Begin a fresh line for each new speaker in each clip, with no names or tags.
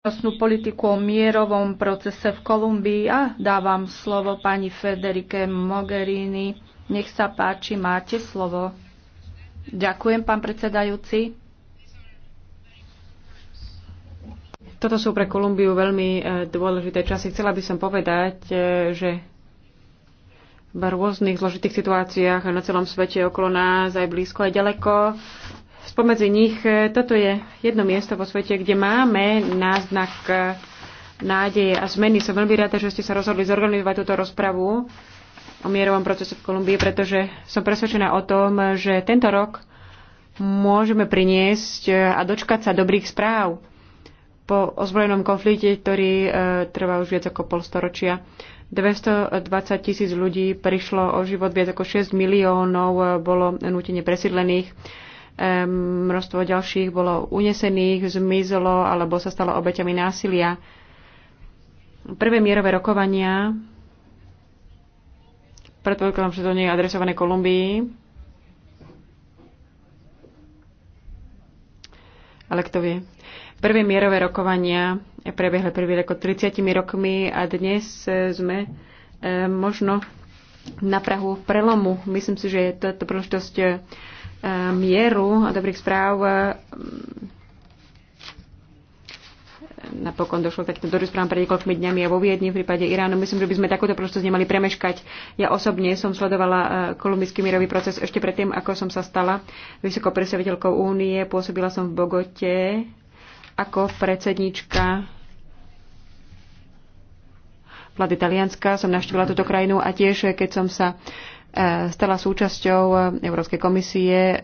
bezpečnostnú politiku o mierovom procese v Kolumbii a dávam slovo pani Federike Mogherini. Nech sa páči, máte slovo. Ďakujem, pán predsedajúci. Toto
sú pre Kolumbiu veľmi e, dôležité časy. Chcela by som povedať, e, že v rôznych zložitých situáciách na celom svete okolo nás, aj blízko, aj ďaleko, Spomedzi nich e, toto je jedno miesto vo svete, kde máme náznak e, nádeje a zmeny. Som veľmi rada, že ste sa rozhodli zorganizovať túto rozpravu o mierovom procese v Kolumbii, pretože som presvedčená o tom, že tento rok môžeme priniesť e, a dočkať sa dobrých správ po ozbrojenom konflikte, ktorý e, trvá už viac ako pol storočia. 220 tisíc ľudí prišlo o život, viac ako 6 miliónov bolo nutene presídlených množstvo ďalších bolo unesených, zmizlo alebo sa stalo obeťami násilia. Prvé mierové rokovania, predpokladám, že to nie je adresované Kolumbii, ale kto vie. Prvé mierové rokovania prebiehli prvý ako 30 rokmi a dnes eh, sme eh, možno na Prahu prelomu. Myslím si, že je táto príležitosť eh, mieru a dobrých správ napokon došlo takto do rozprávam pred niekoľkými dňami a vo Viedni v prípade Iránu. Myslím, že by sme takúto prostosť nemali premeškať. Ja osobne som sledovala eh, kolumbijský mierový proces ešte predtým, ako som sa stala vysokopredstaviteľkou predstaviteľkou únie. Pôsobila som v Bogote ako predsednička vlády Talianska som navštívila túto krajinu a tiež, keď som sa e, stala súčasťou e, Európskej komisie, e,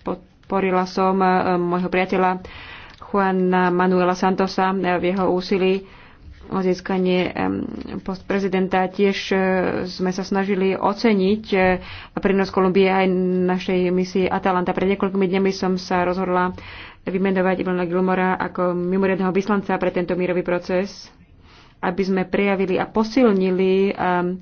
podporila som môjho priateľa Juana Manuela Santosa v jeho úsilí o získanie post prezidenta. Tiež sme sa snažili oceniť prínos Kolumbie aj našej misii Atalanta. Pred niekoľkými dňami som sa rozhodla vymenovať Ivana Gilmora ako mimoriadného vyslanca pre tento mírový proces, aby sme prejavili a posilnili um,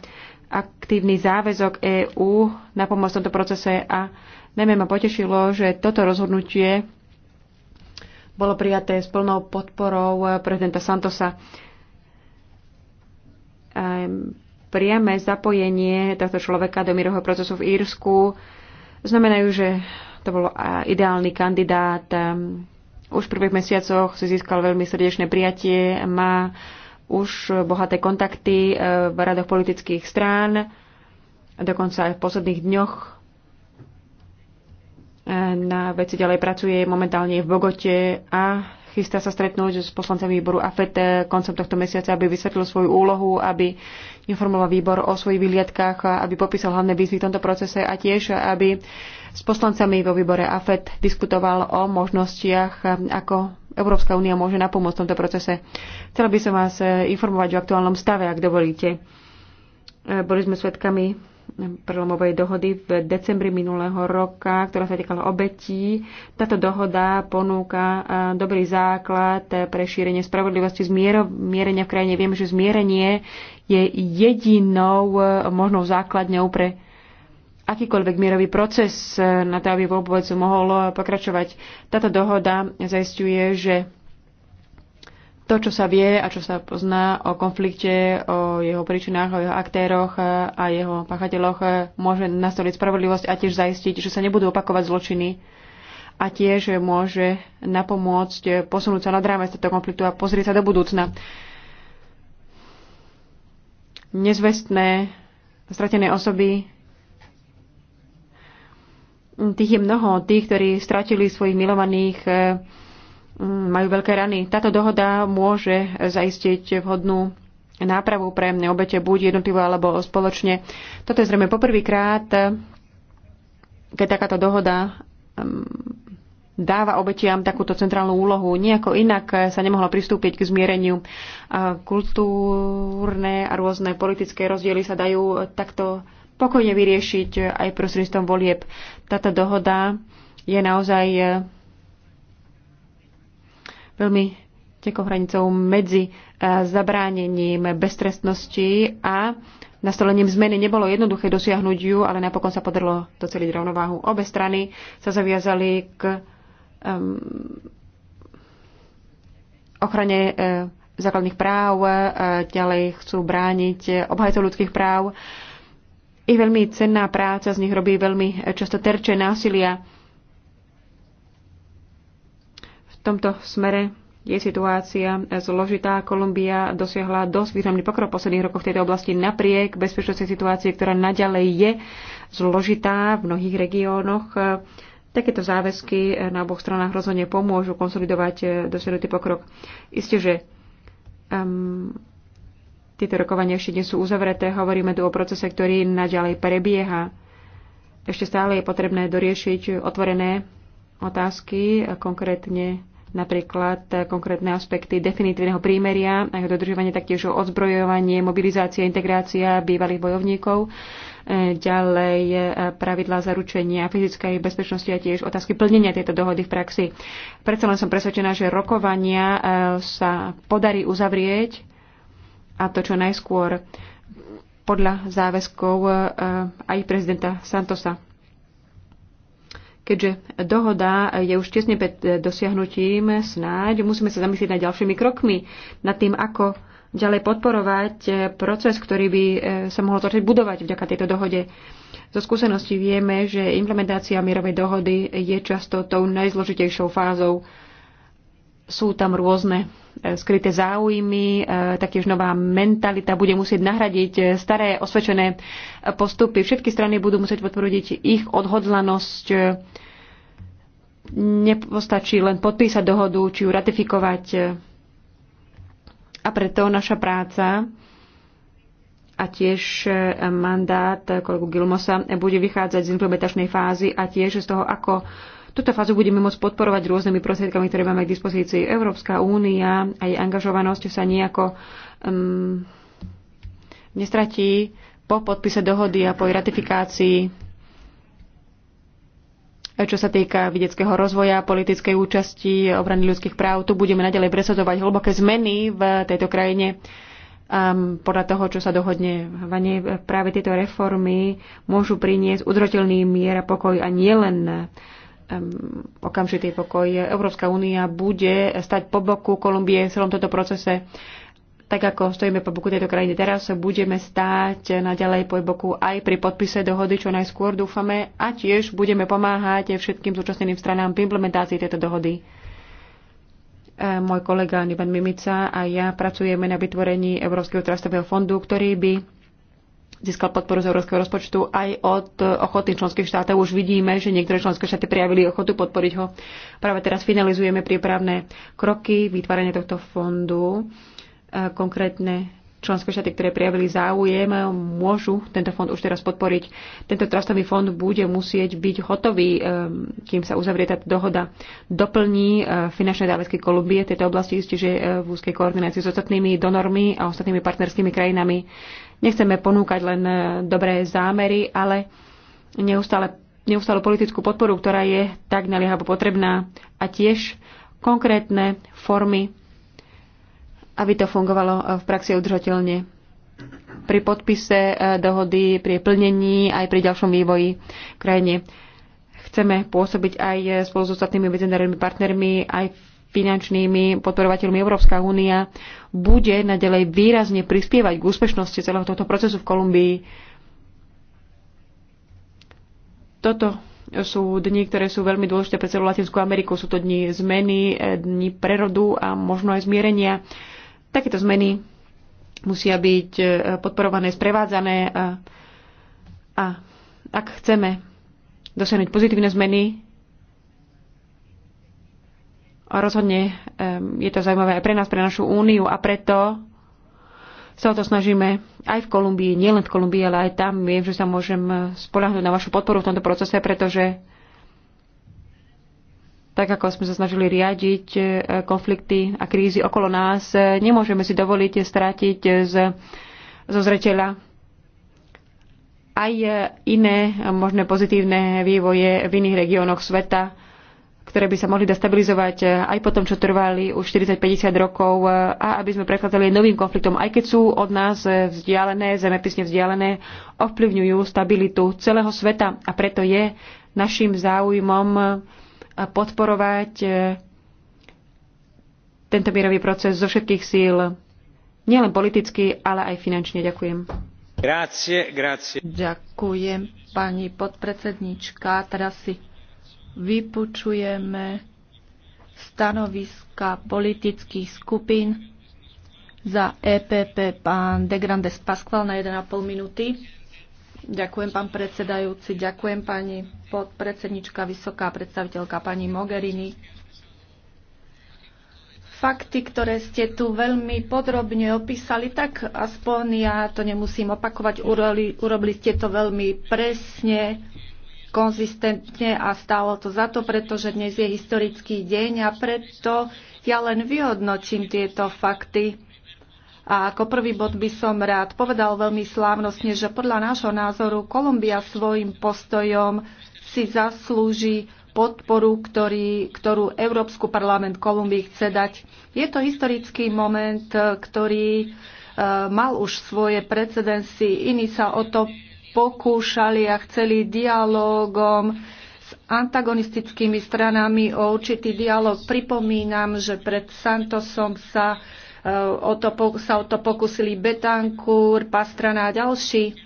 aktívny záväzok EÚ na pomoc v tomto procese a najmä ma potešilo, že toto rozhodnutie bolo prijaté s plnou podporou prezidenta Santosa. Um, priame zapojenie tohto človeka do mírového procesu v Írsku znamenajú, že to bol ideálny kandidát. Ehm, už v prvých mesiacoch si získal veľmi srdečné prijatie, má už bohaté kontakty e, v radoch politických strán, dokonca aj v posledných dňoch e, na veci ďalej pracuje momentálne v Bogote a chystá sa stretnúť s poslancami výboru AFET koncom tohto mesiaca, aby vysvetlil svoju úlohu, aby informoval výbor o svojich vyhliadkách, aby popísal hlavné výzvy v tomto procese a tiež, aby s poslancami vo výbore AFET diskutoval o možnostiach, eh, ako Európska únia môže napomôcť v tomto procese. Chcela by som vás eh, informovať o aktuálnom stave, ak dovolíte. Eh, boli sme svedkami prelomovej dohody v decembri minulého roka, ktorá sa týkala obetí. Táto dohoda ponúka dobrý základ pre šírenie spravodlivosti zmiero, mierenia v krajine. Viem, že zmierenie je jedinou možnou základňou pre akýkoľvek mierový proces eh, na to, aby vôbec mohol eh, pokračovať. Táto dohoda zaistuje, že to, čo sa vie a čo sa pozná o konflikte, o jeho príčinách, o jeho aktéroch eh, a jeho pachateľoch, môže nastoliť spravodlivosť a tiež zaistiť, že sa nebudú opakovať zločiny a tiež môže napomôcť posunúť sa nad rámec tohto konfliktu a pozrieť sa do budúcna. Nezvestné stratené osoby Tých je mnoho, tých, ktorí stratili svojich milovaných, eh, mm, majú veľké rany. Táto dohoda môže zaistiť vhodnú nápravu pre mne obete, buď jednotlivo alebo spoločne. Toto je zrejme poprvýkrát, keď takáto dohoda mm, dáva obetiam takúto centrálnu úlohu. Nijako inak sa nemohlo pristúpiť k zmiereniu. Kultúrne a rôzne politické rozdiely sa dajú takto pokojne vyriešiť aj prostredníctvom volieb. Táto dohoda je naozaj e, veľmi tekou hranicou medzi e, zabránením beztrestnosti a nastolením zmeny. Nebolo jednoduché dosiahnuť ju, ale napokon sa podarilo doceliť rovnováhu. Obe strany sa zaviazali k um, ochrane uh, základných práv, uh, ďalej chcú brániť obhajcov ľudských práv. Uh, ich veľmi cenná práca z nich robí veľmi často terče násilia. V tomto smere je situácia zložitá. Kolumbia dosiahla dosť významný pokrok v posledných rokoch v tejto oblasti napriek bezpečnostnej situácii, ktorá naďalej je zložitá v mnohých regiónoch. Takéto záväzky na oboch stranách rozhodne pomôžu konsolidovať dosiahnutý pokrok. Isté, že um, tieto rokovania ešte nie sú uzavreté, hovoríme tu o procese, ktorý naďalej prebieha. Ešte stále je potrebné doriešiť otvorené otázky, konkrétne napríklad konkrétne aspekty definitívneho prímeria, a dodržovanie taktiež o odzbrojovanie, mobilizácia, integrácia bývalých bojovníkov, e, ďalej e, pravidlá zaručenia fyzickej bezpečnosti a tiež otázky plnenia tejto dohody v praxi. Predsa len som presvedčená, že rokovania e, sa podarí uzavrieť a to čo najskôr podľa záväzkov e, aj prezidenta Santosa. Keďže dohoda je už tesne pred dosiahnutím, snáď musíme sa zamyslieť nad ďalšími krokmi, nad tým, ako ďalej podporovať proces, ktorý by e, sa mohol začať budovať vďaka tejto dohode. Zo skúseností vieme, že implementácia mierovej dohody je často tou najzložitejšou fázou sú tam rôzne e, skryté záujmy, e, taktiež nová mentalita bude musieť nahradiť e, staré osvedčené postupy. Všetky strany budú musieť potvrdiť ich odhodlanosť. Nepostačí len podpísať dohodu, či ju ratifikovať. A preto naša práca a tiež mandát kolegu Gilmosa bude vychádzať z implementačnej fázy a tiež z toho, ako Túto fázu budeme môcť podporovať rôznymi prostriedkami, ktoré máme k dispozícii. Európska únia a jej angažovanosť sa nejako um, nestratí po podpise dohody a po jej ratifikácii, čo sa týka vedeckého rozvoja, politickej účasti, obrany ľudských práv. Tu budeme nadalej presadzovať hlboké zmeny v tejto krajine. Um, podľa toho, čo sa dohodne v práve tieto reformy môžu priniesť udrotelný mier a pokoj a nielen um, okamžitý pokoj. Európska únia bude stať po boku Kolumbie v celom tomto procese. Tak ako stojíme po boku tejto krajiny teraz, budeme stáť naďalej po boku aj pri podpise dohody, čo najskôr dúfame, a tiež budeme pomáhať všetkým zúčastneným stranám pri implementácii tejto dohody. E, môj kolega Ivan Mimica a ja pracujeme na vytvorení Európskeho trastového fondu, ktorý by získal podporu z európskeho rozpočtu aj od ochotných členských štátov. Už vidíme, že niektoré členské štáty prijavili ochotu podporiť ho. Práve teraz finalizujeme prípravné kroky vytvárania tohto fondu. E, konkrétne členské štáty, ktoré prijavili záujem, môžu tento fond už teraz podporiť. Tento trastový fond bude musieť byť hotový, e, kým sa uzavrie táto dohoda. Doplní e, finančné záväzky Kolumbie v tejto oblasti, čiže v úzkej koordinácii s ostatnými donormi a ostatnými partnerskými krajinami Nechceme ponúkať len e, dobré zámery, ale neustále, neustále politickú podporu, ktorá je tak naliehavo potrebná a tiež konkrétne formy, aby to fungovalo e, v praxi udržateľne. Pri podpise e, dohody, pri plnení aj pri ďalšom vývoji krajine chceme pôsobiť aj spolu s ostatnými medzinárodnými partnermi, aj v finančnými podporovateľmi Európska únia bude nadalej výrazne prispievať k úspešnosti celého tohto procesu v Kolumbii. Toto sú dni, ktoré sú veľmi dôležité pre celú Latinskú Ameriku. Sú to dni zmeny, dni prerodu a možno aj zmierenia. Takéto zmeny musia byť e, podporované, sprevádzané a, a ak chceme dosiahnuť pozitívne zmeny, a rozhodne je to zaujímavé aj pre nás, pre našu úniu a preto sa o to snažíme aj v Kolumbii, nielen v Kolumbii, ale aj tam. Viem, že sa môžem eh, spolahnuť na vašu podporu v tomto procese, pretože tak ako sme sa snažili riadiť eh, konflikty a krízy okolo nás, eh, nemôžeme si dovoliť stratiť z, zo zreteľa aj iné možné pozitívne vývoje v iných regiónoch sveta ktoré by sa mohli destabilizovať e, aj po tom, čo trvali už 40-50 rokov e, a aby sme prechádzali novým konfliktom, aj keď sú od nás e, vzdialené, zemepisne vzdialené, ovplyvňujú stabilitu celého sveta a preto je našim záujmom podporovať tento mierový proces zo všetkých síl, nielen politicky, ale aj
finančne. Ďakujem.
Grazie, grazie.
Ďakujem, pani podpredsedníčka. Teraz si vypočujeme stanoviska politických skupín za EPP pán De Grandes Pasqual na 1,5 minúty. Ďakujem, pán predsedajúci. Ďakujem, pani podpredsednička, vysoká predstaviteľka pani Mogherini. Fakty, ktoré ste tu veľmi podrobne opísali, tak aspoň ja to nemusím opakovať, urobili, urobili ste to veľmi presne konzistentne a stálo to za to, pretože dnes je historický deň a preto ja len vyhodnotím tieto fakty. A ako prvý bod by som rád povedal veľmi slávnostne, že podľa nášho názoru Kolumbia svojim postojom si zaslúži podporu, ktorý, ktorú Európsku parlament Kolumbii chce dať. Je to historický moment, ktorý e, mal už svoje precedenci, iní sa o to pokúšali a chceli dialogom s antagonistickými stranami o určitý dialog. Pripomínam, že pred Santosom sa e, o to, sa o to pokusili Betancourt, Pastrana a ďalší.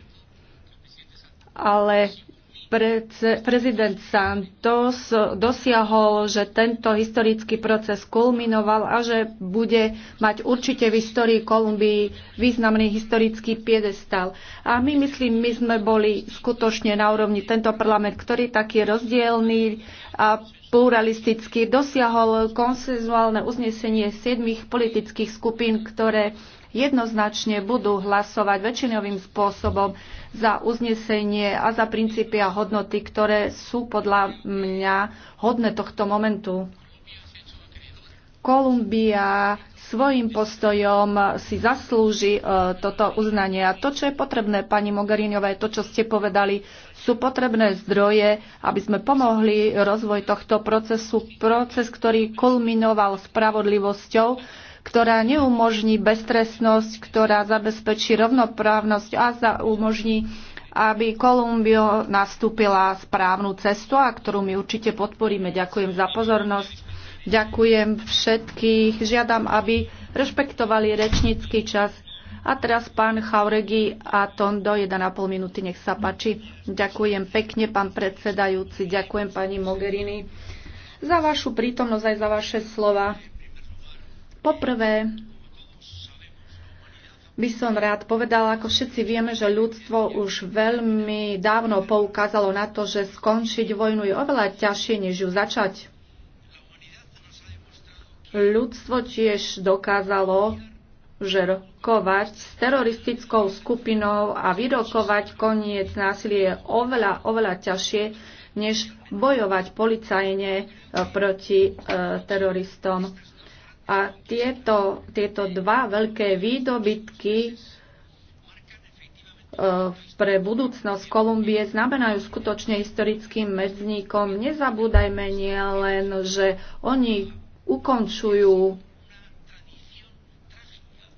Ale prezident Santos dosiahol, že tento historický proces kulminoval a že bude mať určite v histórii Kolumbii významný historický piedestal. A my myslím, my sme boli skutočne na úrovni tento parlament, ktorý taký rozdielný a pluralistický, dosiahol konsenzuálne uznesenie siedmých politických skupín, ktoré jednoznačne budú hlasovať väčšinovým spôsobom za uznesenie a za princípy a hodnoty, ktoré sú podľa mňa hodné tohto momentu. Kolumbia svojim postojom si zaslúži e, toto uznanie. A to, čo je potrebné, pani Mogherinová, to, čo ste povedali, sú potrebné zdroje, aby sme pomohli rozvoj tohto procesu. Proces, ktorý kulminoval spravodlivosťou, ktorá neumožní beztrestnosť, ktorá zabezpečí rovnoprávnosť a za, umožní, aby Kolumbio nastúpila správnu cestu a ktorú my určite podporíme. Ďakujem za pozornosť. Ďakujem všetkých. Žiadam, aby rešpektovali rečnícky čas. A teraz pán Chauregi a Tondo, 1,5 minúty, nech sa páči. Ďakujem pekne, pán predsedajúci, ďakujem pani Mogherini za vašu prítomnosť aj za vaše slova. Poprvé, by som rád povedal, ako všetci vieme, že ľudstvo už veľmi dávno poukázalo na to, že skončiť vojnu je oveľa ťažšie, než ju začať. Ľudstvo tiež dokázalo, že rokovať s teroristickou skupinou a vyrokovať koniec násilie je oveľa, oveľa ťažšie, než bojovať policajne eh, proti e, teroristom. A tieto, tieto dva veľké výdobytky e, pre budúcnosť Kolumbie znamenajú skutočne historickým medzníkom. Nezabúdajme nie len, že oni ukončujú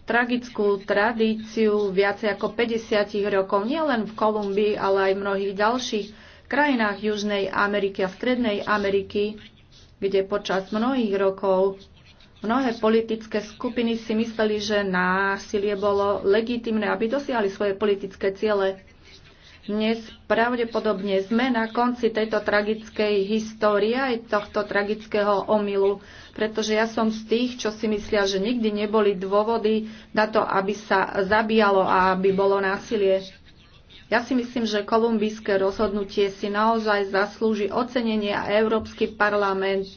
tragickú tradíciu viacej ako 50 rokov, nielen v Kolumbii, ale aj v mnohých ďalších krajinách Južnej Ameriky a Strednej Ameriky, kde počas mnohých rokov Mnohé politické skupiny si mysleli, že násilie bolo legitimné, aby dosiahli svoje politické ciele. Dnes pravdepodobne sme na konci tejto tragickej histórie aj tohto tragického omylu, pretože ja som z tých, čo si myslia, že nikdy neboli dôvody na to, aby sa zabíjalo a aby bolo násilie. Ja si myslím, že kolumbijské rozhodnutie si naozaj zaslúži ocenenie a Európsky parlament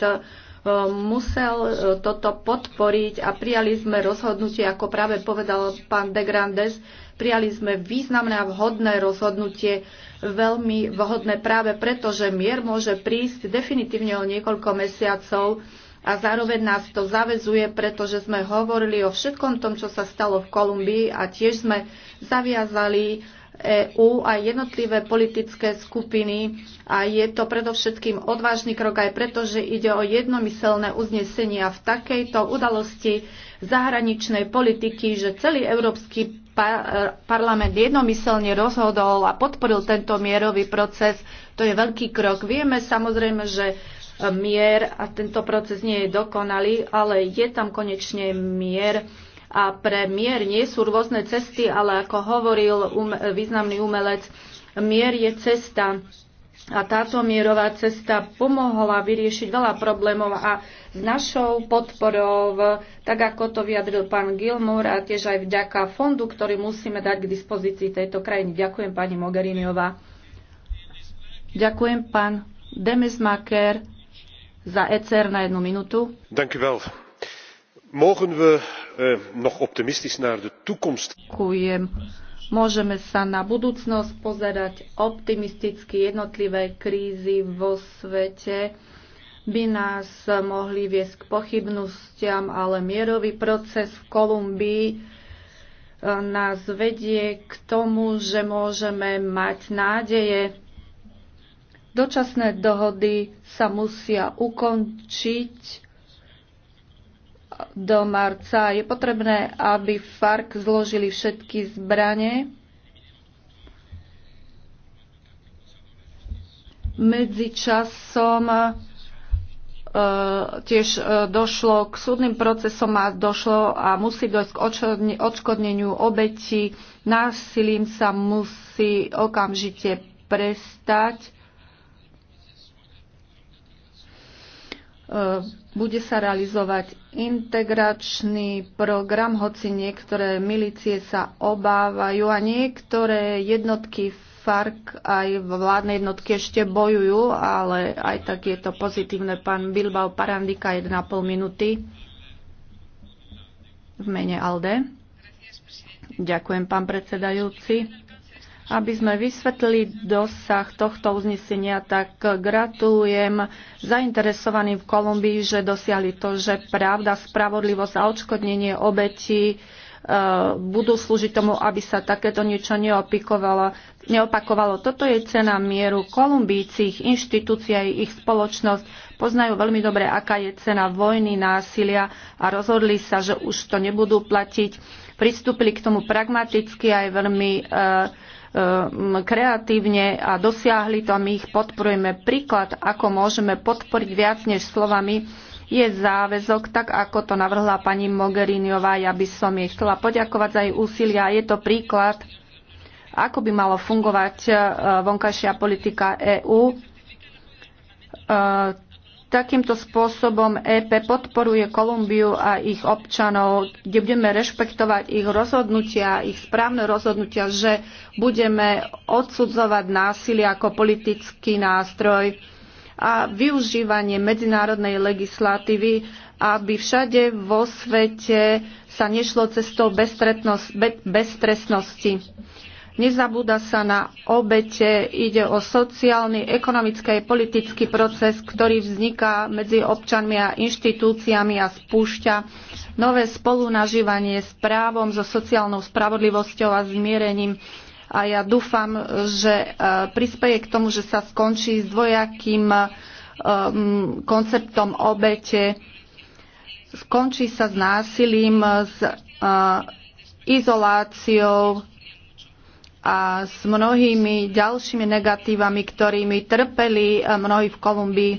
E, musel e, toto podporiť a prijali sme rozhodnutie, ako práve povedal pán De Grandes, prijali sme významné a vhodné rozhodnutie, veľmi vhodné práve preto, že mier môže prísť definitívne o niekoľko mesiacov a zároveň nás to zavezuje, pretože sme hovorili o všetkom tom, čo sa stalo v Kolumbii a tiež sme zaviazali EÚ a jednotlivé politické skupiny a je to predovšetkým odvážny krok aj preto, že ide o jednomyselné uznesenie a v takejto udalosti zahraničnej politiky, že celý Európsky parlament jednomyselne rozhodol a podporil tento mierový proces. To je veľký krok. Vieme samozrejme, že mier a tento proces nie je dokonalý, ale je tam konečne mier a pre mier nie sú rôzne cesty, ale ako hovoril um, významný umelec, mier je cesta. A táto mierová cesta pomohla vyriešiť veľa problémov a s našou podporou, tak ako to vyjadril pán Gilmour a tiež aj vďaka fondu, ktorý musíme dať k dispozícii tejto krajiny. Ďakujem pani Mogheriniová. Ďakujem pán Demesmaker za ECR na jednu minútu.
Ďakujem mogen we eh, nog optimistisch naar de toekomst
kijken? Môžeme sa na budúcnosť pozerať optimisticky. Jednotlivé krízy vo svete by nás mohli viesť k pochybnostiam, ale mierový proces v Kolumbii eh, nás vedie k tomu, že môžeme mať nádeje. Dočasné dohody sa musia ukončiť do marca. Je potrebné, aby FARC zložili všetky zbranie. Medzičasom e, tiež e, došlo k súdnym procesom a došlo a musí dojsť k odškodneniu obeti. Násilím sa musí okamžite prestať. E, bude sa realizovať integračný program, hoci niektoré milície sa obávajú a niektoré jednotky FARC aj vládne jednotky ešte bojujú, ale aj tak je to pozitívne. Pán Bilbao Parandika, 1,5 minúty v mene ALDE. Ďakujem, pán predsedajúci aby sme vysvetlili dosah tohto uznesenia, tak gratulujem zainteresovaným v Kolumbii, že dosiahli to, že pravda, spravodlivosť a odškodnenie obetí e, budú slúžiť tomu, aby sa takéto niečo neopakovalo. neopakovalo. Toto je cena mieru. Kolumbíci, ich inštitúcia, ich spoločnosť poznajú veľmi dobre, aká je cena vojny, násilia a rozhodli sa, že už to nebudú platiť. Pristúpili k tomu pragmaticky aj veľmi uh, Ehm, kreatívne a dosiahli to a my ich podporujeme. Príklad, ako môžeme podporiť viac než slovami, je záväzok, tak ako to navrhla pani Mogheriniová. Ja by som jej chcela poďakovať za jej úsilia. Je to príklad, ako by malo fungovať ehm, vonkajšia politika EÚ Takýmto spôsobom EP podporuje Kolumbiu a ich občanov, kde budeme rešpektovať ich rozhodnutia, ich správne rozhodnutia, že budeme odsudzovať násilie ako politický nástroj a využívanie medzinárodnej legislatívy, aby všade vo svete sa nešlo cestou bezstresnosti. Nezabúda sa na obete, ide o sociálny, ekonomický a politický proces, ktorý vzniká medzi občanmi a inštitúciami a spúšťa nové spolunažívanie s právom, so sociálnou spravodlivosťou a zmierením. A ja dúfam, že e, prispieje k tomu, že sa skončí s dvojakým e, konceptom obete, skončí sa s násilím, s e, izoláciou, a s mnohými ďalšími negatívami, ktorými trpeli eh, mnohí v Kolumbii.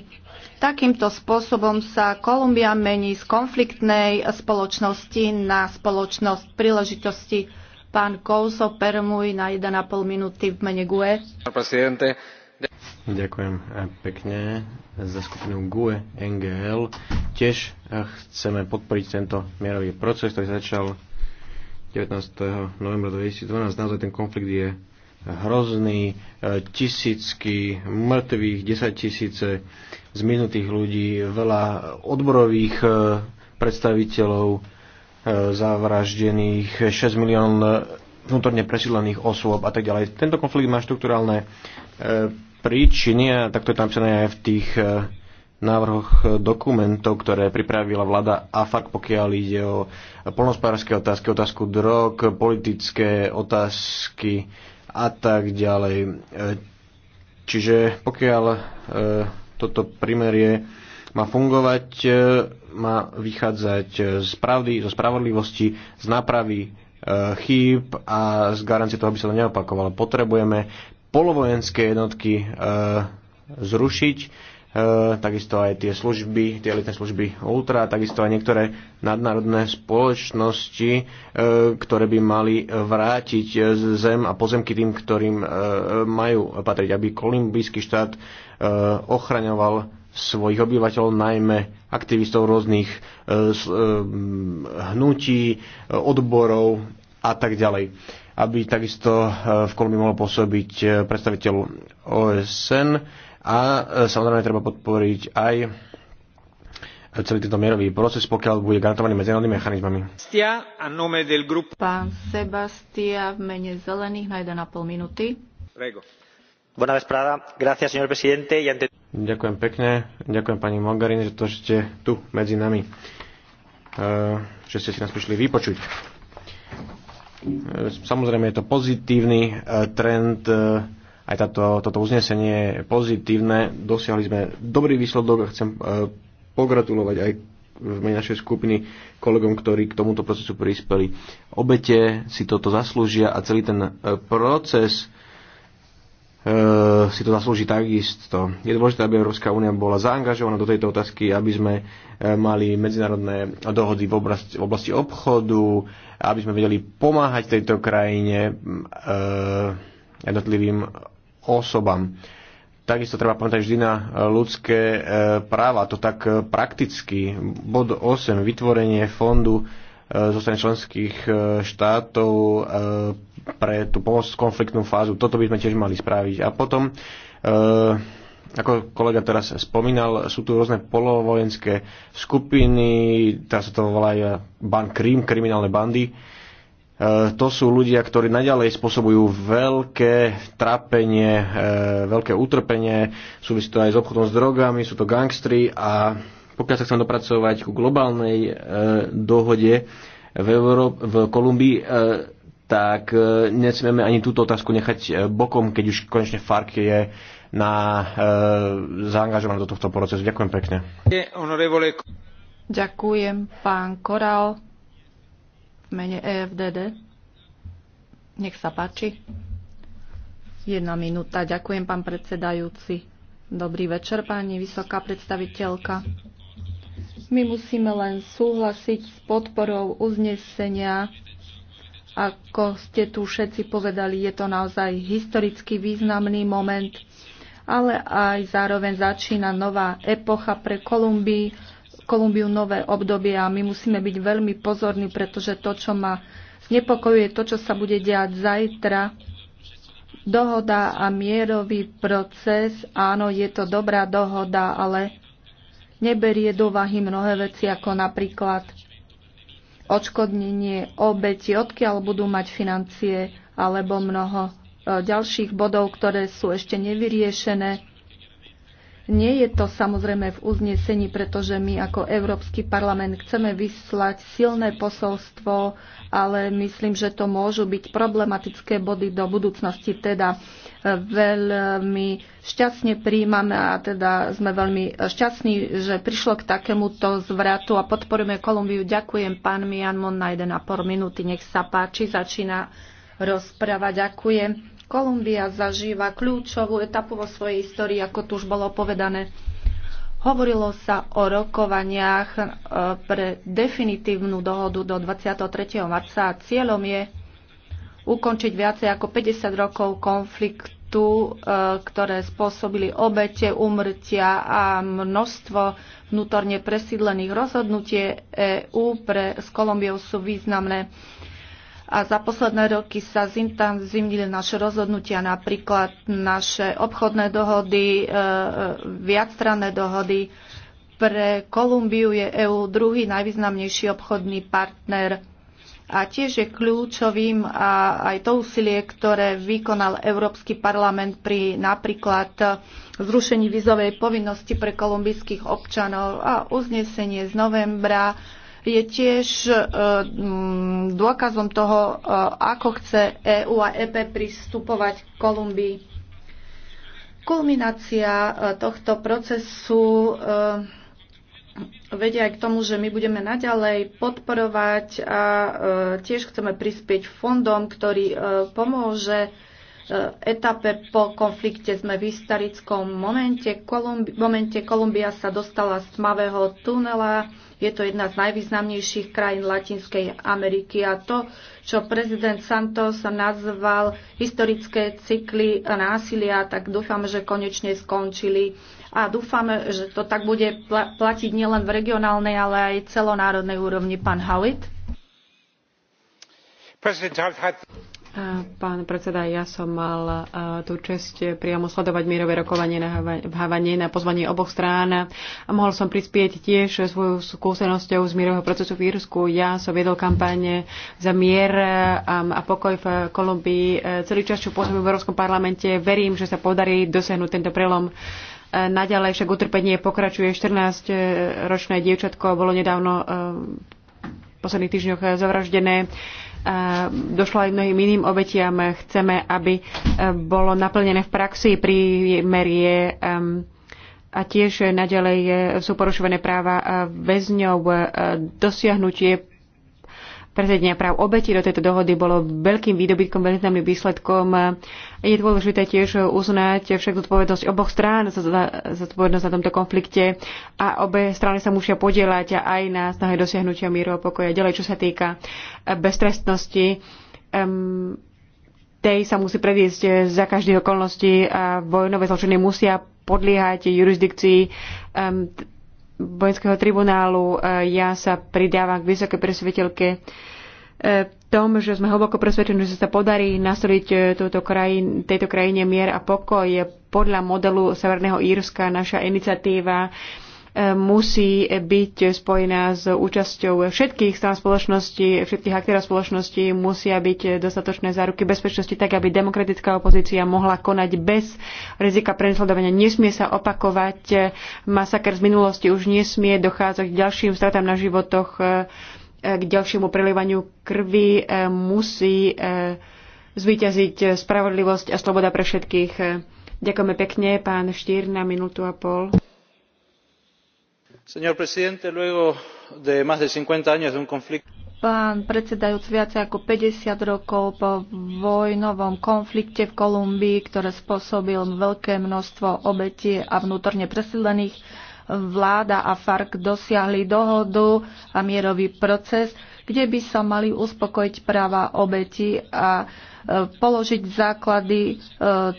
Takýmto spôsobom sa Kolumbia mení z konfliktnej spoločnosti na spoločnosť príležitosti. Pán Kouso Permuj na 1,5 minúty v mene GUE.
Ďakujem eh, pekne za skupinu GUE NGL. Tiež eh, chceme podporiť tento mierový proces, ktorý začal 19. novembra 2012. Naozaj ten konflikt je hrozný, e, tisícky mŕtvych, desať tisíce zmiznutých ľudí, veľa odborových e, predstaviteľov e, zavraždených, 6 milión vnútorne presídlených osôb a tak ďalej. Tento konflikt má štruktúralné príčiny a takto je tam aj v tých návrhoch dokumentov, ktoré pripravila vláda AFAK, pokiaľ ide o polnospárske otázky, otázku drog, politické otázky a tak ďalej. Čiže pokiaľ e, toto primerie má fungovať, e, má vychádzať z pravdy, zo spravodlivosti, z nápravy e, chýb a z garancie toho, aby sa to neopakovalo. Potrebujeme polovojenské jednotky zrušiť, E, takisto aj tie služby, tie elitné služby Ultra, takisto aj niektoré nadnárodné spoločnosti, e, ktoré by mali vrátiť zem a pozemky tým, ktorým e, majú patriť, aby kolumbijský štát ochraňoval svojich obyvateľov, najmä aktivistov rôznych hnutí, odborov a tak ďalej aby takisto v Kolumbii mohol pôsobiť predstaviteľ OSN a e, samozrejme treba podporiť aj celý tento mierový proces, pokiaľ bude garantovaný medzinárodnými mechanizmami.
Pán Sebastia v mene zelených na 1,5 minúty.
Ďakujem pekne, ďakujem pani Mogherini že to, že ste tu medzi nami, e, že ste si nás prišli vypočuť. E, samozrejme je to pozitívny trend aj táto, toto uznesenie je pozitívne. Dosiahli sme dobrý výsledok a chcem e, pogratulovať aj v mene našej skupiny kolegom, ktorí k tomuto procesu prispeli. Obete si toto zaslúžia a celý ten e, proces e, si to zaslúži takisto. Je dôležité, aby Európska únia bola zaangažovaná do tejto otázky, aby sme mali medzinárodné dohody v oblasti, v oblasti obchodu, aby sme vedeli pomáhať tejto krajine jednotlivým osobám. Takisto treba pamätať vždy na ľudské e, práva, to tak e, prakticky. Bod 8. Vytvorenie fondu e, zo strany členských štátov pre tú pomoc konfliktnú fázu. Toto by sme tiež mali spraviť. A potom, ako kolega teraz spomínal, sú tu rôzne polovojenské skupiny, teraz sa to volá aj ban Krím, kriminálne bandy E, to sú ľudia, ktorí naďalej spôsobujú veľké trápenie, e, veľké utrpenie, súvisí to aj s obchodom s drogami, sú to gangstri a pokiaľ sa chcem dopracovať ku globálnej e, dohode v, Euró- v Kolumbii, tak nesmieme ani túto otázku nechať bokom, keď už konečne FARC je na, zaangažované do tohto procesu. Ďakujem pekne.
Ďakujem, pán Koral mene EFDD. Nech sa páči. Jedna minúta. Ďakujem, pán predsedajúci. Dobrý večer, pani vysoká predstaviteľka. My musíme len súhlasiť s podporou uznesenia. Ako ste tu všetci povedali, je to naozaj historicky významný moment, ale aj zároveň začína nová epocha pre Kolumbii, Kolumbiu nové obdobie a my musíme byť veľmi pozorní, pretože to, čo ma znepokojuje, to, čo sa bude diať zajtra, dohoda a mierový proces, áno, je to dobrá dohoda, ale neberie do vahy mnohé veci, ako napríklad odškodnenie obeti, odkiaľ budú mať financie, alebo mnoho e, ďalších bodov, ktoré sú ešte nevyriešené. Nie je to samozrejme v uznesení, pretože my ako Európsky parlament chceme vyslať silné posolstvo, ale myslím, že to môžu byť problematické body do budúcnosti. Teda e, veľmi šťastne príjmame a teda sme veľmi šťastní, že prišlo k takémuto zvratu a podporujeme Kolumbiu. Ďakujem pán Mianmon na 1,5 minúty. Nech sa páči, začína rozpráva. Ďakujem. Kolumbia zažíva kľúčovú etapu vo svojej histórii, ako tu už bolo povedané. Hovorilo sa o rokovaniach e, pre definitívnu dohodu do 23. marca a cieľom je ukončiť viacej ako 50 rokov konfliktu, e, ktoré spôsobili obete, umrtia a množstvo vnútorne presídlených rozhodnutie EÚ pre, s Kolumbiou sú významné a za posledné roky sa zintenzívnili naše rozhodnutia, napríklad naše obchodné dohody, e, e, viacstranné dohody. Pre Kolumbiu je EÚ druhý najvýznamnejší obchodný partner a tiež je kľúčovým a aj to úsilie, ktoré vykonal Európsky parlament pri napríklad zrušení vizovej povinnosti pre kolumbijských občanov a uznesenie z novembra je tiež e, dôkazom toho, e, ako chce EU a EP pristupovať k Kolumbii. Kulminácia e, tohto procesu vedia aj k tomu, že my budeme naďalej podporovať a tiež chceme prispieť fondom, ktorý pomôže etape po konflikte sme v historickom momente. Kolumbi- momente Kolumbia sa dostala z tmavého tunela je to jedna z najvýznamnejších krajín Latinskej Ameriky a to, čo prezident Santos nazval historické cykly násilia, tak dúfam, že konečne skončili a dúfame, že to tak bude platiť nielen v regionálnej, ale aj celonárodnej úrovni. Pán Howitt.
Pán predseda, ja som mal e, tú čest priamo sledovať mierové rokovanie na v Havane na pozvanie oboch strán a mohol som prispieť tiež svoju skúsenosťou z mierového procesu v Írsku. Ja som viedol kampáne za mier e, a pokoj v Kolumbii. E, celý čas, čo pôsobím v Európskom parlamente, verím, že sa podarí dosiahnuť tento prelom. Naďalej však utrpenie pokračuje. 14-ročné dievčatko bolo nedávno v posledných týždňoch zavraždené došlo aj mnohým iným obetiam. Chceme, aby e, bolo naplnené v praxi prímerie a tiež naďalej e, sú porušované práva e, väzňov, dosiahnutie prezvedenia práv obeti do tejto dohody bolo veľkým výdobytkom, veľmi výsledkom. Je dôležité tiež uznať však zodpovednosť oboch strán za zodpovednosť na tomto konflikte a obe strany sa musia podielať aj na snahe dosiahnutia míru a pokoja. Ďalej, čo sa týka eh, beztrestnosti, um, tej sa musí predísť za každých okolností a vojnové zločiny musia podliehať jurisdikcii um, vojenského tribunálu. E, ja sa pridávam k vysokej presvetelke e, tom, že sme hlboko presvedčení, že sa podarí nastoliť e, krajin, tejto krajine mier a pokoj. Podľa modelu Severného Írska naša iniciatíva musí byť spojená s účasťou všetkých strán spoločnosti, všetkých aktérov spoločnosti, musia byť dostatočné záruky bezpečnosti tak, aby demokratická opozícia mohla konať bez rizika prenasledovania. Nesmie sa opakovať masaker z minulosti, už nesmie dochádzať k ďalším stratám na životoch, e, k ďalšiemu prelievaniu krvi, e, musí e, zvíťaziť spravodlivosť a sloboda pre všetkých. Ďakujeme pekne, pán Štír, na minútu a
pol.
Señor presidente, luego de más de 50 años de un conflicto
pán predsedajúc, viac ako 50 rokov po vojnovom konflikte v Kolumbii, ktoré spôsobil veľké množstvo obetí a vnútorne presídlených, vláda a FARC dosiahli dohodu a mierový proces kde by sa mali uspokojiť práva obeti a e, položiť základy e,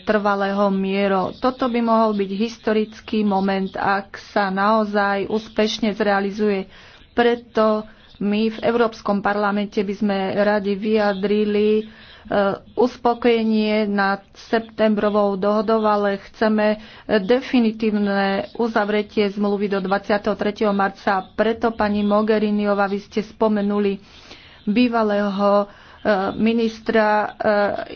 trvalého mieru. Toto by mohol byť historický moment, ak sa naozaj úspešne zrealizuje. Preto my v Európskom parlamente by sme radi vyjadrili Eh, uspokojenie nad septembrovou dohodou, ale chceme eh, definitívne uzavretie zmluvy do 23. marca. Preto, pani Mogheriniova, vy ste spomenuli bývalého eh, ministra,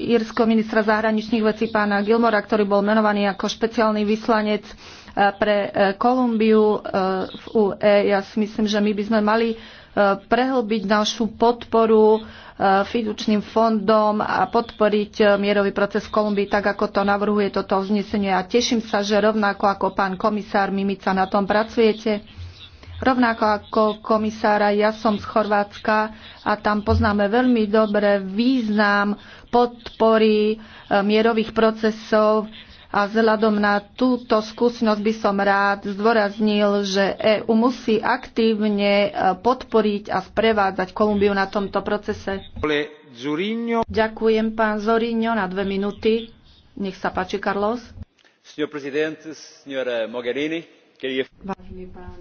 írsko ministra zahraničných vecí pána Gilmora, ktorý bol menovaný ako špeciálny vyslanec pre Kolumbiu v UE. Ja si myslím, že my by sme mali prehlbiť našu podporu e, fidučným fondom a podporiť e, mierový proces v Kolumbii, tak ako to navrhuje toto vznesenie. A teším sa, že rovnako ako pán komisár Mimica na tom pracujete, rovnako ako komisára, ja som z Chorvátska a tam poznáme veľmi dobre význam podpory e, mierových procesov a vzhľadom na túto skúsenosť by som rád zdôraznil, že EU musí aktívne e, podporiť a sprevádzať Kolumbiu na tomto procese. Ďakujem pán Zorinho na dve minúty. Nech sa páči, Carlos.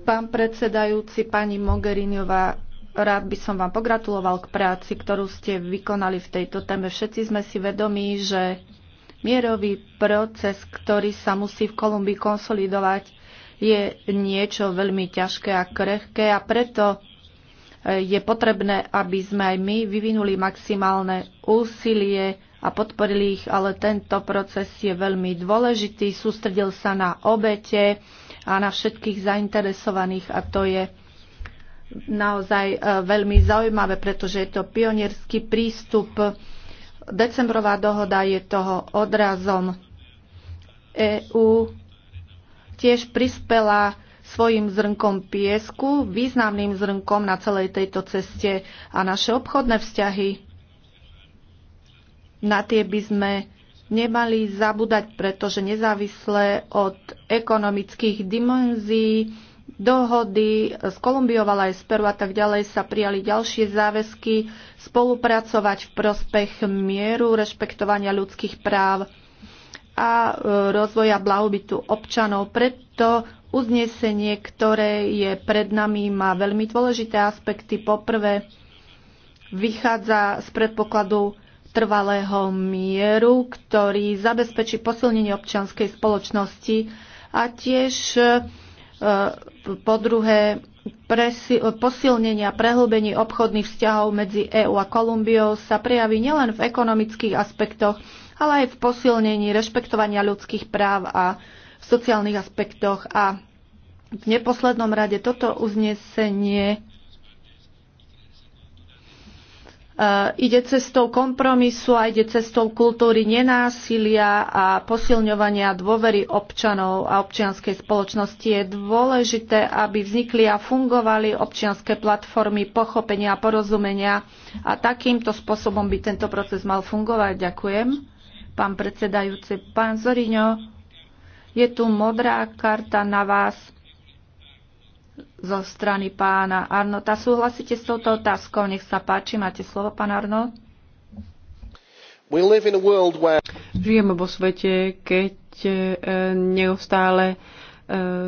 Pán predsedajúci, pani Mogheriniová, rád by som vám pogratuloval k práci, ktorú ste vykonali v tejto téme. Všetci sme si vedomí, že Mierový proces, ktorý sa musí v Kolumbii konsolidovať, je niečo veľmi ťažké a krehké a preto e, je potrebné, aby sme aj my vyvinuli maximálne úsilie a podporili ich, ale tento proces je veľmi dôležitý. Sústredil sa na obete a na všetkých zainteresovaných a to je naozaj e, veľmi zaujímavé, pretože je to pionierský prístup Decembrová dohoda je toho odrazom. EÚ tiež prispela svojim zrnkom piesku, významným zrnkom na celej tejto ceste a naše obchodné vzťahy. Na tie by sme nemali zabúdať, pretože nezávisle od ekonomických dimenzií dohody s Kolumbiou, ale aj s Peru a tak ďalej sa prijali ďalšie záväzky spolupracovať v prospech mieru, rešpektovania ľudských práv a e, rozvoja blahobytu občanov. Preto uznesenie, ktoré je pred nami, má veľmi dôležité aspekty. Poprvé, vychádza z predpokladu trvalého mieru, ktorý zabezpečí posilnenie občianskej spoločnosti a tiež Eh, po druhé posilnenia, prehlbení obchodných vzťahov medzi EÚ a Kolumbiou sa prejaví nielen v ekonomických aspektoch, ale aj v posilnení rešpektovania ľudských práv a v sociálnych aspektoch. A v neposlednom rade toto uznesenie E, ide cestou kompromisu a ide cestou kultúry nenásilia a posilňovania dôvery občanov a občianskej spoločnosti. Je dôležité, aby vznikli a fungovali občianské platformy pochopenia a porozumenia a takýmto spôsobom by tento proces mal fungovať. Ďakujem. Pán predsedajúci, pán Zoriňo, je tu modrá karta na vás zo strany pána Arnota. Súhlasíte s touto otázkou? Nech sa páči, máte slovo, pán Arnot.
Where...
Žijeme vo svete, keď e, neustále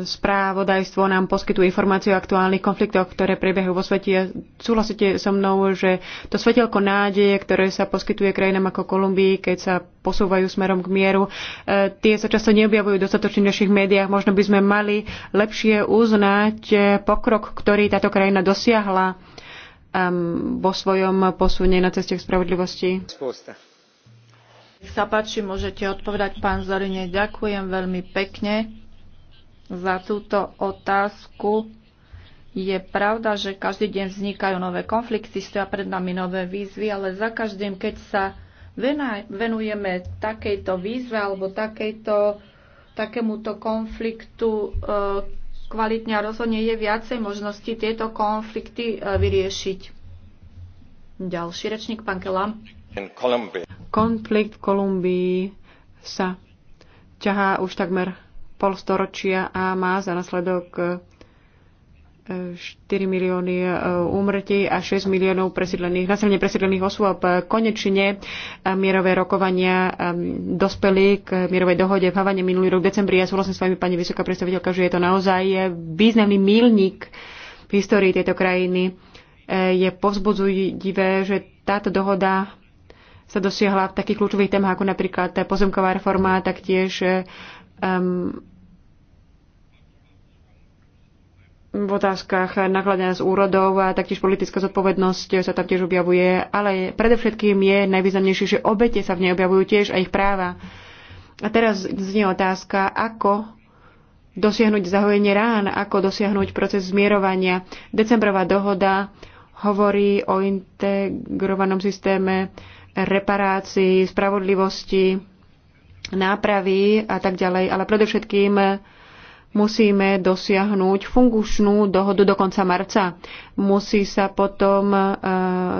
správodajstvo nám poskytuje informácie o aktuálnych konfliktoch, ktoré prebiehajú vo svete. Súhlasíte so mnou, že to svetelko nádeje, ktoré sa poskytuje krajinám ako Kolumbii, keď sa posúvajú smerom k mieru, e, tie sa často neobjavujú dostatočne v našich médiách. Možno by sme mali lepšie uznať e, pokrok, ktorý táto krajina dosiahla vo svojom posune na ceste k spravodlivosti.
Nech sa páči, môžete odpovedať, pán Zorine. Ďakujem veľmi pekne za túto otázku. Je pravda, že každý deň vznikajú nové konflikty, stoja pred nami nové výzvy, ale za každým, keď sa venujeme takejto výzve alebo takejto, takémuto konfliktu, e, kvalitne a rozhodne je viacej možností tieto konflikty e, vyriešiť. Ďalší rečník, pán Kelam. Konflikt
v Kolumbii sa ťahá už takmer polstoročia a má za následok 4 e, milióny e, úmrtí a 6 miliónov presídlených, násilne presídlených osôb. Konečne e, mierové rokovania dospeli k mierovej dohode v Havane minulý rok v decembri. Ja súhlasím s vami, pani vysoká predstaviteľka, že je to naozaj významný milník v histórii tejto krajiny. Je povzbudzujivé, že táto dohoda sa dosiahla v takých kľúčových témach, ako napríklad pozemková reforma, taktiež um, v otázkach nakladania s úrodov a taktiež politická zodpovednosť sa tam tiež objavuje, ale predovšetkým je najvýznamnejšie, že obete sa v nej objavujú tiež a ich práva. A teraz znie otázka, ako dosiahnuť zahojenie rán, ako dosiahnuť proces zmierovania. Decembrová dohoda hovorí o integrovanom systéme reparácií, spravodlivosti, nápravy a tak ďalej, ale predovšetkým musíme dosiahnuť funkčnú dohodu do konca marca. Musí sa potom e,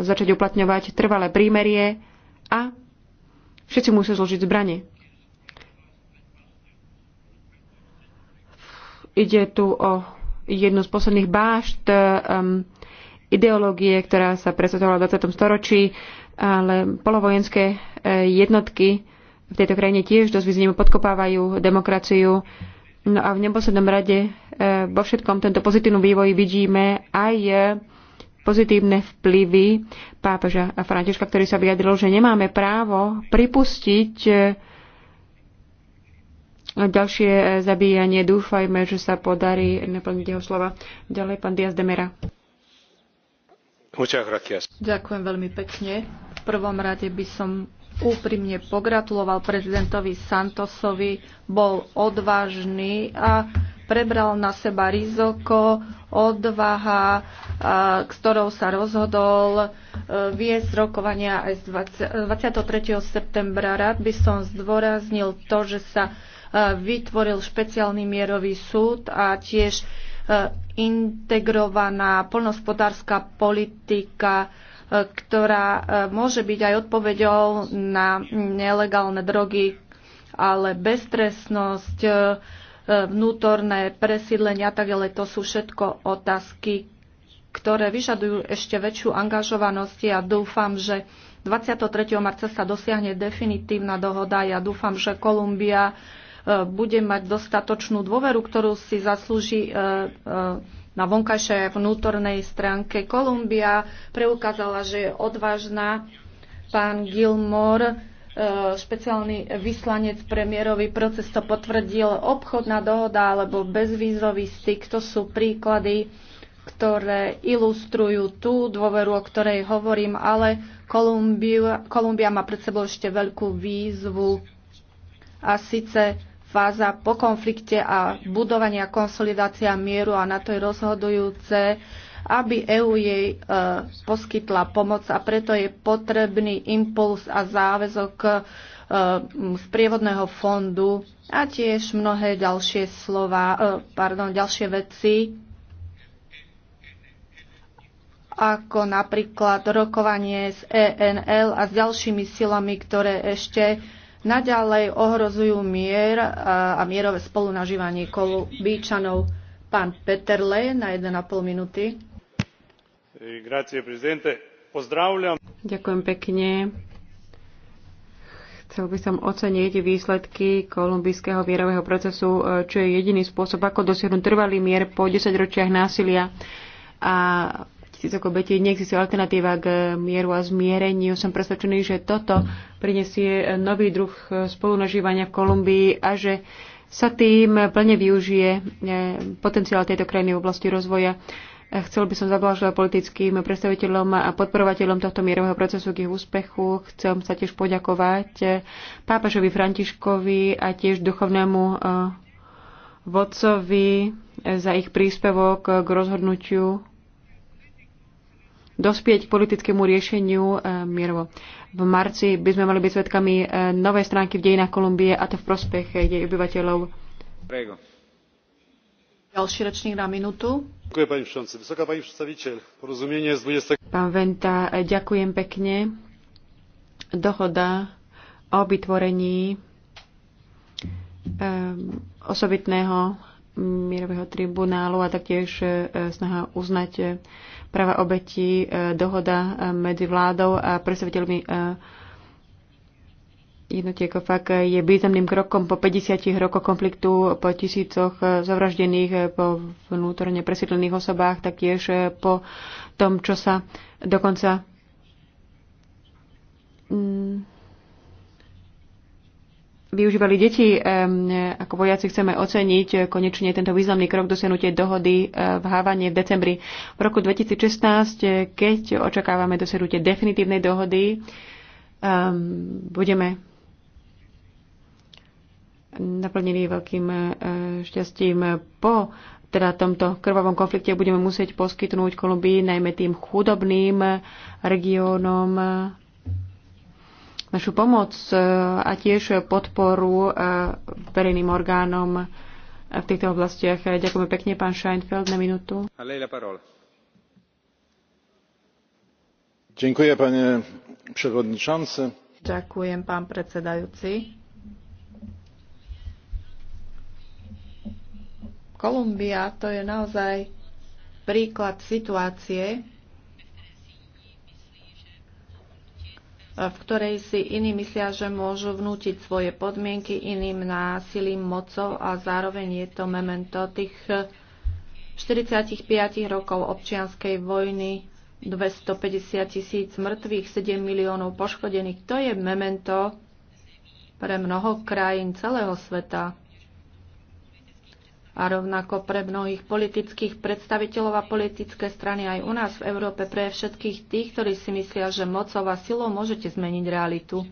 začať uplatňovať trvalé prímerie a všetci musia zložiť zbranie. Ide tu o jednu z posledných bášt e, ideológie, ktorá sa prezentovala v 20. storočí, ale polovojenské e, jednotky v tejto krajine tiež dosť významne podkopávajú demokraciu. No a v neposlednom rade e, vo všetkom tento pozitívnom vývoji vidíme aj e, pozitívne vplyvy pápeža Františka, ktorý sa vyjadril, že nemáme právo pripustiť e, ďalšie zabíjanie. Dúfajme, že sa podarí naplniť jeho slova. Ďalej pán Diaz de Mera.
Ďakujem veľmi pekne. V prvom rade by som úprimne pogratuloval prezidentovi Santosovi, bol odvážny a prebral na seba riziko, odvaha, s ktorou sa rozhodol e, viesť rokovania aj z 23. septembra. Rád by som zdôraznil to, že sa e, vytvoril špeciálny mierový súd a tiež e, integrovaná polnospodárska politika ktorá e, môže byť aj odpovedou na nelegálne drogy, ale beztresnosť, e, vnútorné presídlenia a tak ďalej, to sú všetko otázky, ktoré vyžadujú ešte väčšiu angažovanosť. Ja dúfam, že 23. marca sa dosiahne definitívna dohoda. Ja dúfam, že Kolumbia e, bude mať dostatočnú dôveru, ktorú si zaslúži na vonkajšej vnútornej stránke. Kolumbia preukázala, že je odvážna. Pán Gilmore, e, špeciálny vyslanec premiérový proces to potvrdil. Obchodná dohoda alebo bezvízový styk, to sú príklady, ktoré ilustrujú tú dôveru, o ktorej hovorím, ale Kolumbia, Kolumbia má pred sebou ešte veľkú výzvu a síce fáza po konflikte a budovania konsolidácia mieru a na to je rozhodujúce, aby EÚ jej e, poskytla pomoc a preto je potrebný impuls a záväzok e, z prievodného fondu a tiež mnohé ďalšie slova, e, pardon, ďalšie veci ako napríklad rokovanie s ENL a s ďalšími silami, ktoré ešte naďalej ohrozujú mier a mierové spolunažívanie kolubíčanov. Pán Peter Le na 1,5 minúty. Ďakujem pekne. Chcel
by som oceniť výsledky kolumbijského mierového procesu, e, čo je jediný spôsob, ako dosiahnuť trvalý mier po desaťročiach násilia a tisícok obetí. Neexistuje alternatíva k mieru a zmiereniu. Som presvedčený, že toto prinesie nový druh spolunažívania v Kolumbii a že sa tým plne využije eh, potenciál tejto krajiny v oblasti rozvoja. Chcel by som zablažovať politickým predstaviteľom a podporovateľom tohto mierového procesu k ich úspechu. Chcem sa tiež poďakovať eh, pápažovi Františkovi a tiež duchovnému eh, vodcovi za ich príspevok k rozhodnutiu dospieť k politickému riešeniu e, mierovo. V marci by sme mali byť svetkami e, novej stránky v dejinách Kolumbie a to v prospech e, jej obyvateľov. Prego. Ďalší ročník na minútu.
Ďakujem, pani všetci. Vysoká pani predstaviteľ, porozumienie z 20...
Pán Venta, e, ďakujem pekne. Dohoda o vytvorení e, osobitného mierového tribunálu a taktiež e, snaha uznať e, práva obetí, e, dohoda e, medzi vládou a predstaviteľmi e, jednotiek fakt je významným krokom po 50 rokoch konfliktu, po tisícoch zavraždených, po vnútorne presídlených osobách, taktiež po tom, čo sa dokonca mm, využívali deti ako vojaci, chceme oceniť konečne tento významný krok dosiahnutie dohody eh, v Havane v decembri. V roku 2016, eh, keď očakávame dosiahnutie definitívnej dohody, budeme naplnení veľkým eh, šťastím po teda tomto krvavom konflikte budeme musieť poskytnúť Kolumbii najmä tým chudobným regiónom našu pomoc e, a tiež podporu e, verejným orgánom e, v týchto oblastiach. Ďakujeme pekne, pán Scheinfeld, na minútu.
Ďakujem, pane predsedajúci.
Ďakujem, pán predsedajúci. Kolumbia to je naozaj príklad situácie, v ktorej si iní myslia, že môžu vnútiť svoje podmienky iným násilím, mocov a zároveň je to memento tých 45 eh, rokov občianskej vojny, 250 tisíc mŕtvych, 7 miliónov poškodených. To je memento pre mnoho krajín celého sveta a rovnako pre mnohých politických predstaviteľov a politické strany aj u nás v Európe, pre všetkých tých, ktorí si myslia, že mocou a silou môžete zmeniť realitu,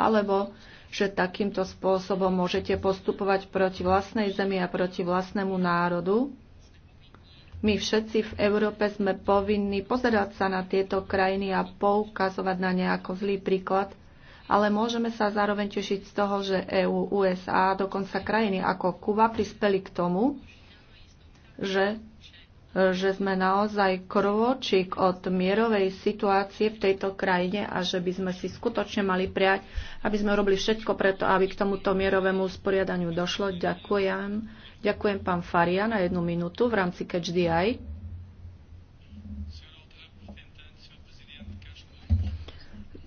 alebo že takýmto spôsobom môžete postupovať proti vlastnej zemi a proti vlastnému národu. My všetci v Európe sme povinní pozerať sa na tieto krajiny a poukazovať na nejako zlý príklad – ale môžeme sa zároveň tešiť z toho, že EU, USA, dokonca krajiny ako Kuba prispeli k tomu, že, že sme naozaj krôčik od mierovej situácie v tejto krajine a že by sme si skutočne mali prijať, aby sme robili všetko preto, aby k tomuto mierovému usporiadaniu došlo. Ďakujem. Ďakujem pán Faria na jednu minútu v rámci Eye.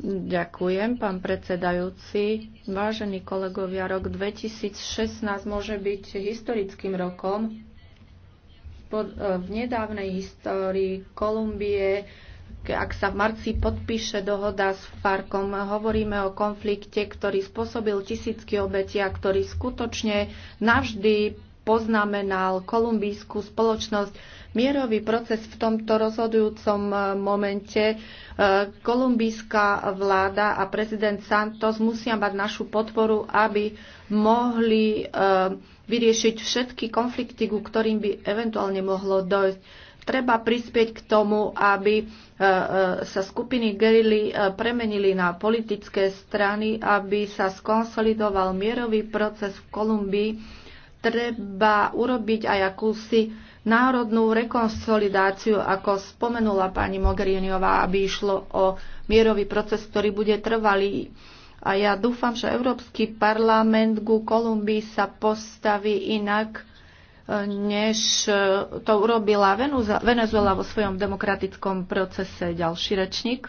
Ďakujem, pán predsedajúci. Vážení kolegovia, rok 2016 môže byť historickým rokom. E, v nedávnej histórii Kolumbie, ak sa v marci podpíše dohoda s Farkom, hovoríme o konflikte, ktorý spôsobil tisícky obetia, ktorý skutočne navždy poznamenal kolumbijskú spoločnosť. Mierový proces v tomto rozhodujúcom eh, momente eh, kolumbijská vláda a prezident Santos musia mať našu podporu, aby mohli eh, vyriešiť všetky konflikty, ku ktorým by eventuálne mohlo dojsť treba prispieť k tomu, aby sa skupiny gerily premenili na politické strany, aby sa skonsolidoval mierový proces v Kolumbii treba urobiť aj akúsi národnú rekonsolidáciu, ako spomenula pani Mogheriniová, aby išlo o mierový proces, ktorý bude trvalý. A ja dúfam, že Európsky parlament ku Kolumbii sa postaví inak, e, než e, to urobila Venezuela vo svojom demokratickom procese. Ďalší rečník.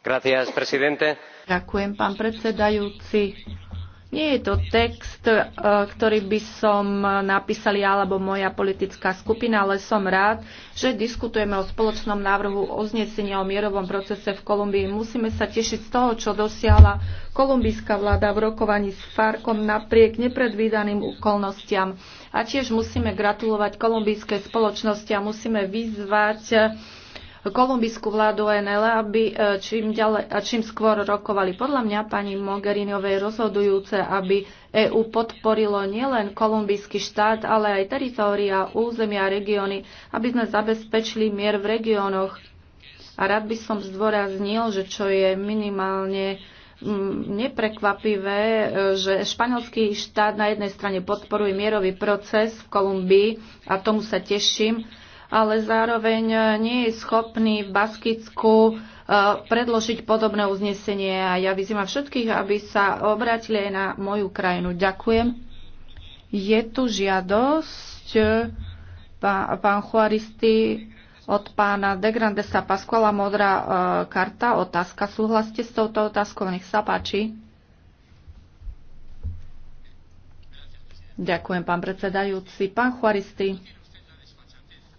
Gracias, presidente.
Ďakujem, pán predsedajúci nie je to text, e, ktorý by som ja alebo moja politická skupina, ale som rád, že diskutujeme o spoločnom návrhu oznesenia o mierovom procese v Kolumbii. Musíme sa tešiť z toho, čo dosiahla kolumbijská vláda v rokovaní s Farkom napriek nepredvídaným okolnostiam. A tiež musíme gratulovať kolumbijskej spoločnosti a musíme vyzvať kolumbijskú vládu NL, aby e, čím, ďalej, a čím skôr rokovali. Podľa mňa pani Mogherinovej rozhodujúce, aby EÚ podporilo nielen kolumbijský štát, ale aj teritória, územia a regióny, aby sme zabezpečili mier v regiónoch. A rád by som zdôraznil, že čo je minimálne mm, neprekvapivé, e, že španielský štát na jednej strane podporuje mierový proces v Kolumbii a tomu sa teším, ale zároveň e, nie je schopný v Baskicku e, predložiť podobné uznesenie a ja vyzývam všetkých, aby sa obratili aj na moju krajinu. Ďakujem. Je tu žiadosť e, pán Juaristy od pána de Grandesa Pasquala modrá karta, otázka. Súhlaste s touto otázkou? Nech sa páči. Ďakujem, pán predsedajúci. Pán Juaristy.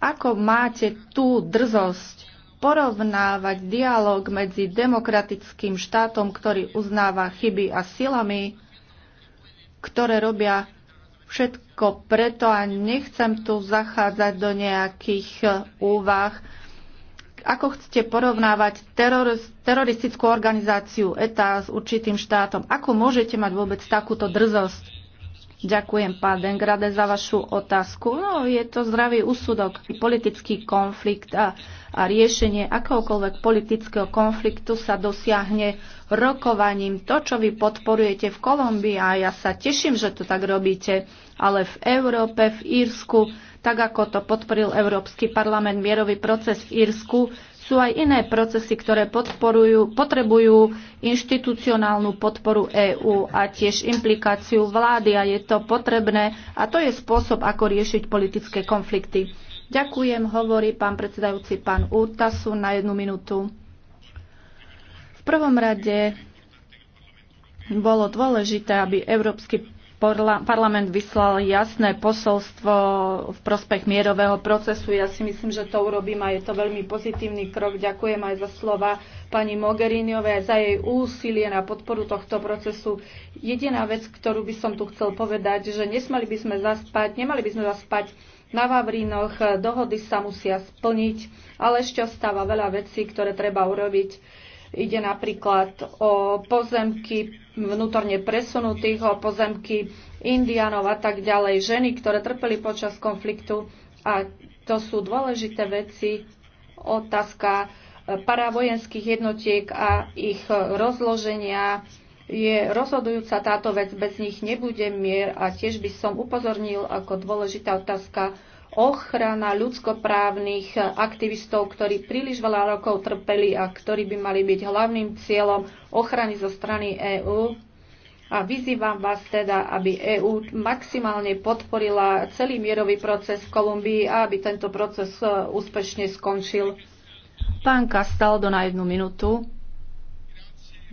Ako máte tú drzosť porovnávať dialog medzi demokratickým štátom, ktorý uznáva chyby a silami, ktoré robia všetko preto a nechcem tu zachádzať do nejakých eh, úvah, ako chcete porovnávať teroristickú organizáciu ETA s určitým štátom? Ako môžete mať vôbec takúto drzosť? Ďakujem, pán Dengrade, za vašu otázku. No, je to zdravý úsudok. Politický konflikt a, a riešenie akéhokoľvek politického konfliktu sa dosiahne rokovaním. To, čo vy podporujete v Kolumbii, a ja sa teším, že to tak robíte, ale v Európe, v Írsku, tak ako to podporil Európsky parlament mierový proces v Írsku, sú aj iné procesy, ktoré podporujú, potrebujú inštitucionálnu podporu EÚ a tiež implikáciu vlády a je to potrebné a to je spôsob, ako riešiť politické konflikty. Ďakujem, hovorí pán predsedajúci pán Útasu na jednu minútu. V prvom rade bolo dôležité, aby Európsky parlament vyslal jasné posolstvo v prospech mierového procesu. Ja si myslím, že to urobím a je to veľmi pozitívny krok. Ďakujem aj za slova pani Mogheriniovej za jej úsilie na podporu tohto procesu. Jediná vec, ktorú by som tu chcel povedať, že nesmali by sme zaspať, nemali by sme zaspať na Vavrinoch, dohody sa musia splniť, ale ešte ostáva veľa vecí, ktoré treba urobiť. Ide napríklad o pozemky, vnútorne presunutých, o pozemky indianov a tak ďalej, ženy, ktoré trpeli počas konfliktu. A to sú dôležité veci, otázka e, paravojenských jednotiek a ich rozloženia. Je rozhodujúca táto vec, bez nich nebude mier a tiež by som upozornil ako dôležitá otázka ochrana ľudskoprávnych aktivistov, ktorí príliš veľa rokov trpeli a ktorí by mali byť hlavným cieľom ochrany zo strany EÚ. A vyzývam vás teda, aby EÚ maximálne podporila celý mierový proces v Kolumbii a aby tento proces e, úspešne skončil. Pán Castaldo na jednu minútu.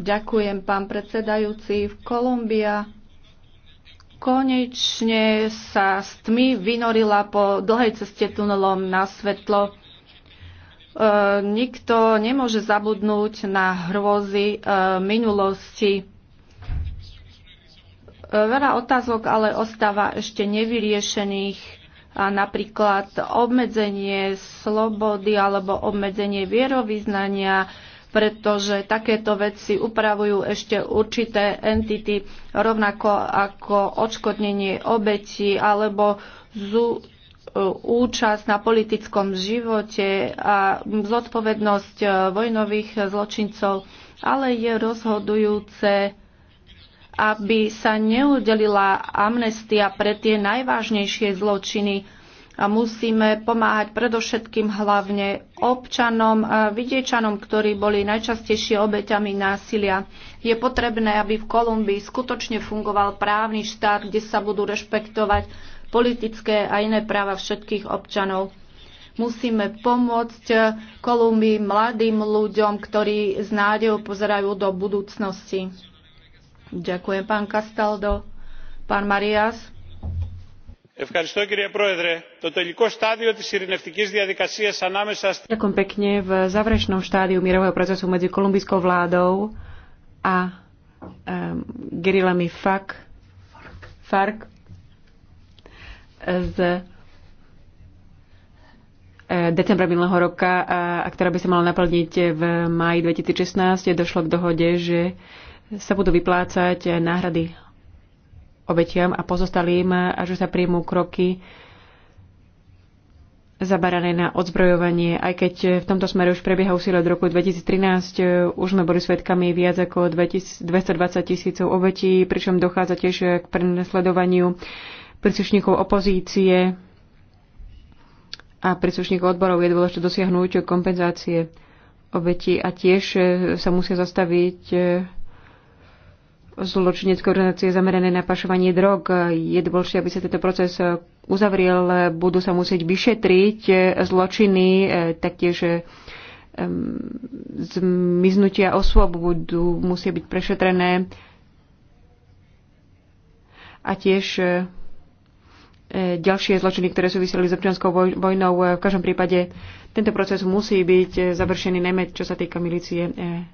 Ďakujem, pán predsedajúci. V Kolumbia konečne sa s tmy vynorila po dlhej ceste tunelom na svetlo. E, nikto nemôže zabudnúť na hrôzy e, minulosti. E, veľa otázok ale ostáva ešte nevyriešených a napríklad obmedzenie slobody alebo obmedzenie vierovýznania, pretože takéto veci upravujú ešte určité entity, rovnako ako odškodnenie obeti alebo zú, e, účasť na politickom živote a zodpovednosť e, vojnových zločincov, ale je rozhodujúce, aby sa neudelila amnestia pre tie najvážnejšie zločiny, a musíme pomáhať predovšetkým hlavne občanom, vidiečanom, ktorí boli najčastejšie obeťami násilia. Je potrebné, aby v Kolumbii skutočne fungoval právny štát, kde sa budú rešpektovať politické a iné práva všetkých občanov musíme pomôcť e, Kolumbii mladým ľuďom, ktorí s nádejou pozerajú do budúcnosti. Ďakujem, pán Castaldo. Pán Marias.
Ďakujem
pekne.
V záverečnom štádiu mierového procesu medzi kolumbijskou vládou a gerilami FARC, FARC z e, decembra minulého roka, a, a ktorá by sa mala naplniť v máji 2016, došlo k dohode, že sa budú vyplácať náhrady obetiam a pozostalým a že sa príjmú kroky zabarané na odzbrojovanie, aj keď v tomto smere už prebieha úsilie od roku 2013, už sme boli svetkami viac ako 220 tisícov obetí, pričom dochádza tiež k prenasledovaniu príslušníkov opozície a príslušníkov odborov. Je dôležité dosiahnuť kompenzácie obetí a tiež sa musia zastaviť zločineckej organizácie zamerané na pašovanie drog. Je dôležité, aby sa tento proces uzavriel. Budú sa musieť vyšetriť zločiny, taktiež zmiznutia osôb budú musieť byť prešetrené a tiež e, ďalšie zločiny, ktoré súviseli s občianskou vojnou. V každom prípade tento proces musí byť e, završený, najmä čo sa týka milície. E.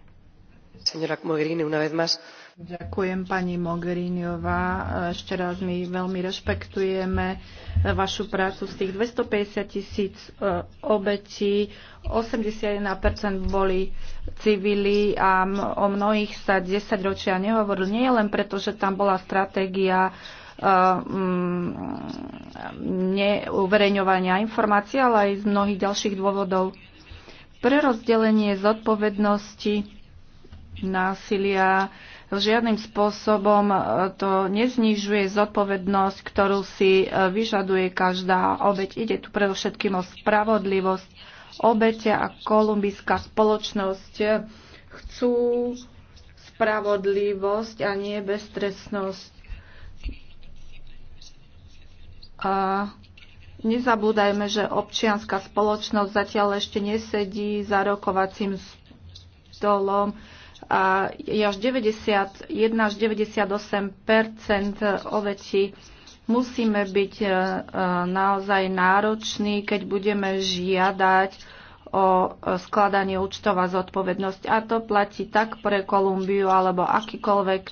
Señora Mogherini, una vez más,
Ďakujem pani Mogheriniová. Ešte raz my veľmi rešpektujeme vašu prácu. Z tých 250 tisíc e, obetí 81% boli civili a o mnohých sa 10 ročia nehovoril. Nie len preto, že tam bola stratégia e, neuverejňovania informácií, ale aj z mnohých ďalších dôvodov. Prerozdelenie zodpovednosti násilia žiadnym spôsobom e, to neznižuje zodpovednosť, ktorú si e, vyžaduje každá obeď. Ide tu predovšetkým o spravodlivosť. Obete a kolumbijská spoločnosť e, chcú spravodlivosť a nie beztrestnosť. A nezabúdajme, že občianská spoločnosť zatiaľ ešte nesedí za rokovacím stolom a až 91 až 98 obetí musíme byť e, e, naozaj nároční, keď budeme žiadať o e, skladanie účtov a zodpovednosť. A to platí tak pre Kolumbiu alebo akýkoľvek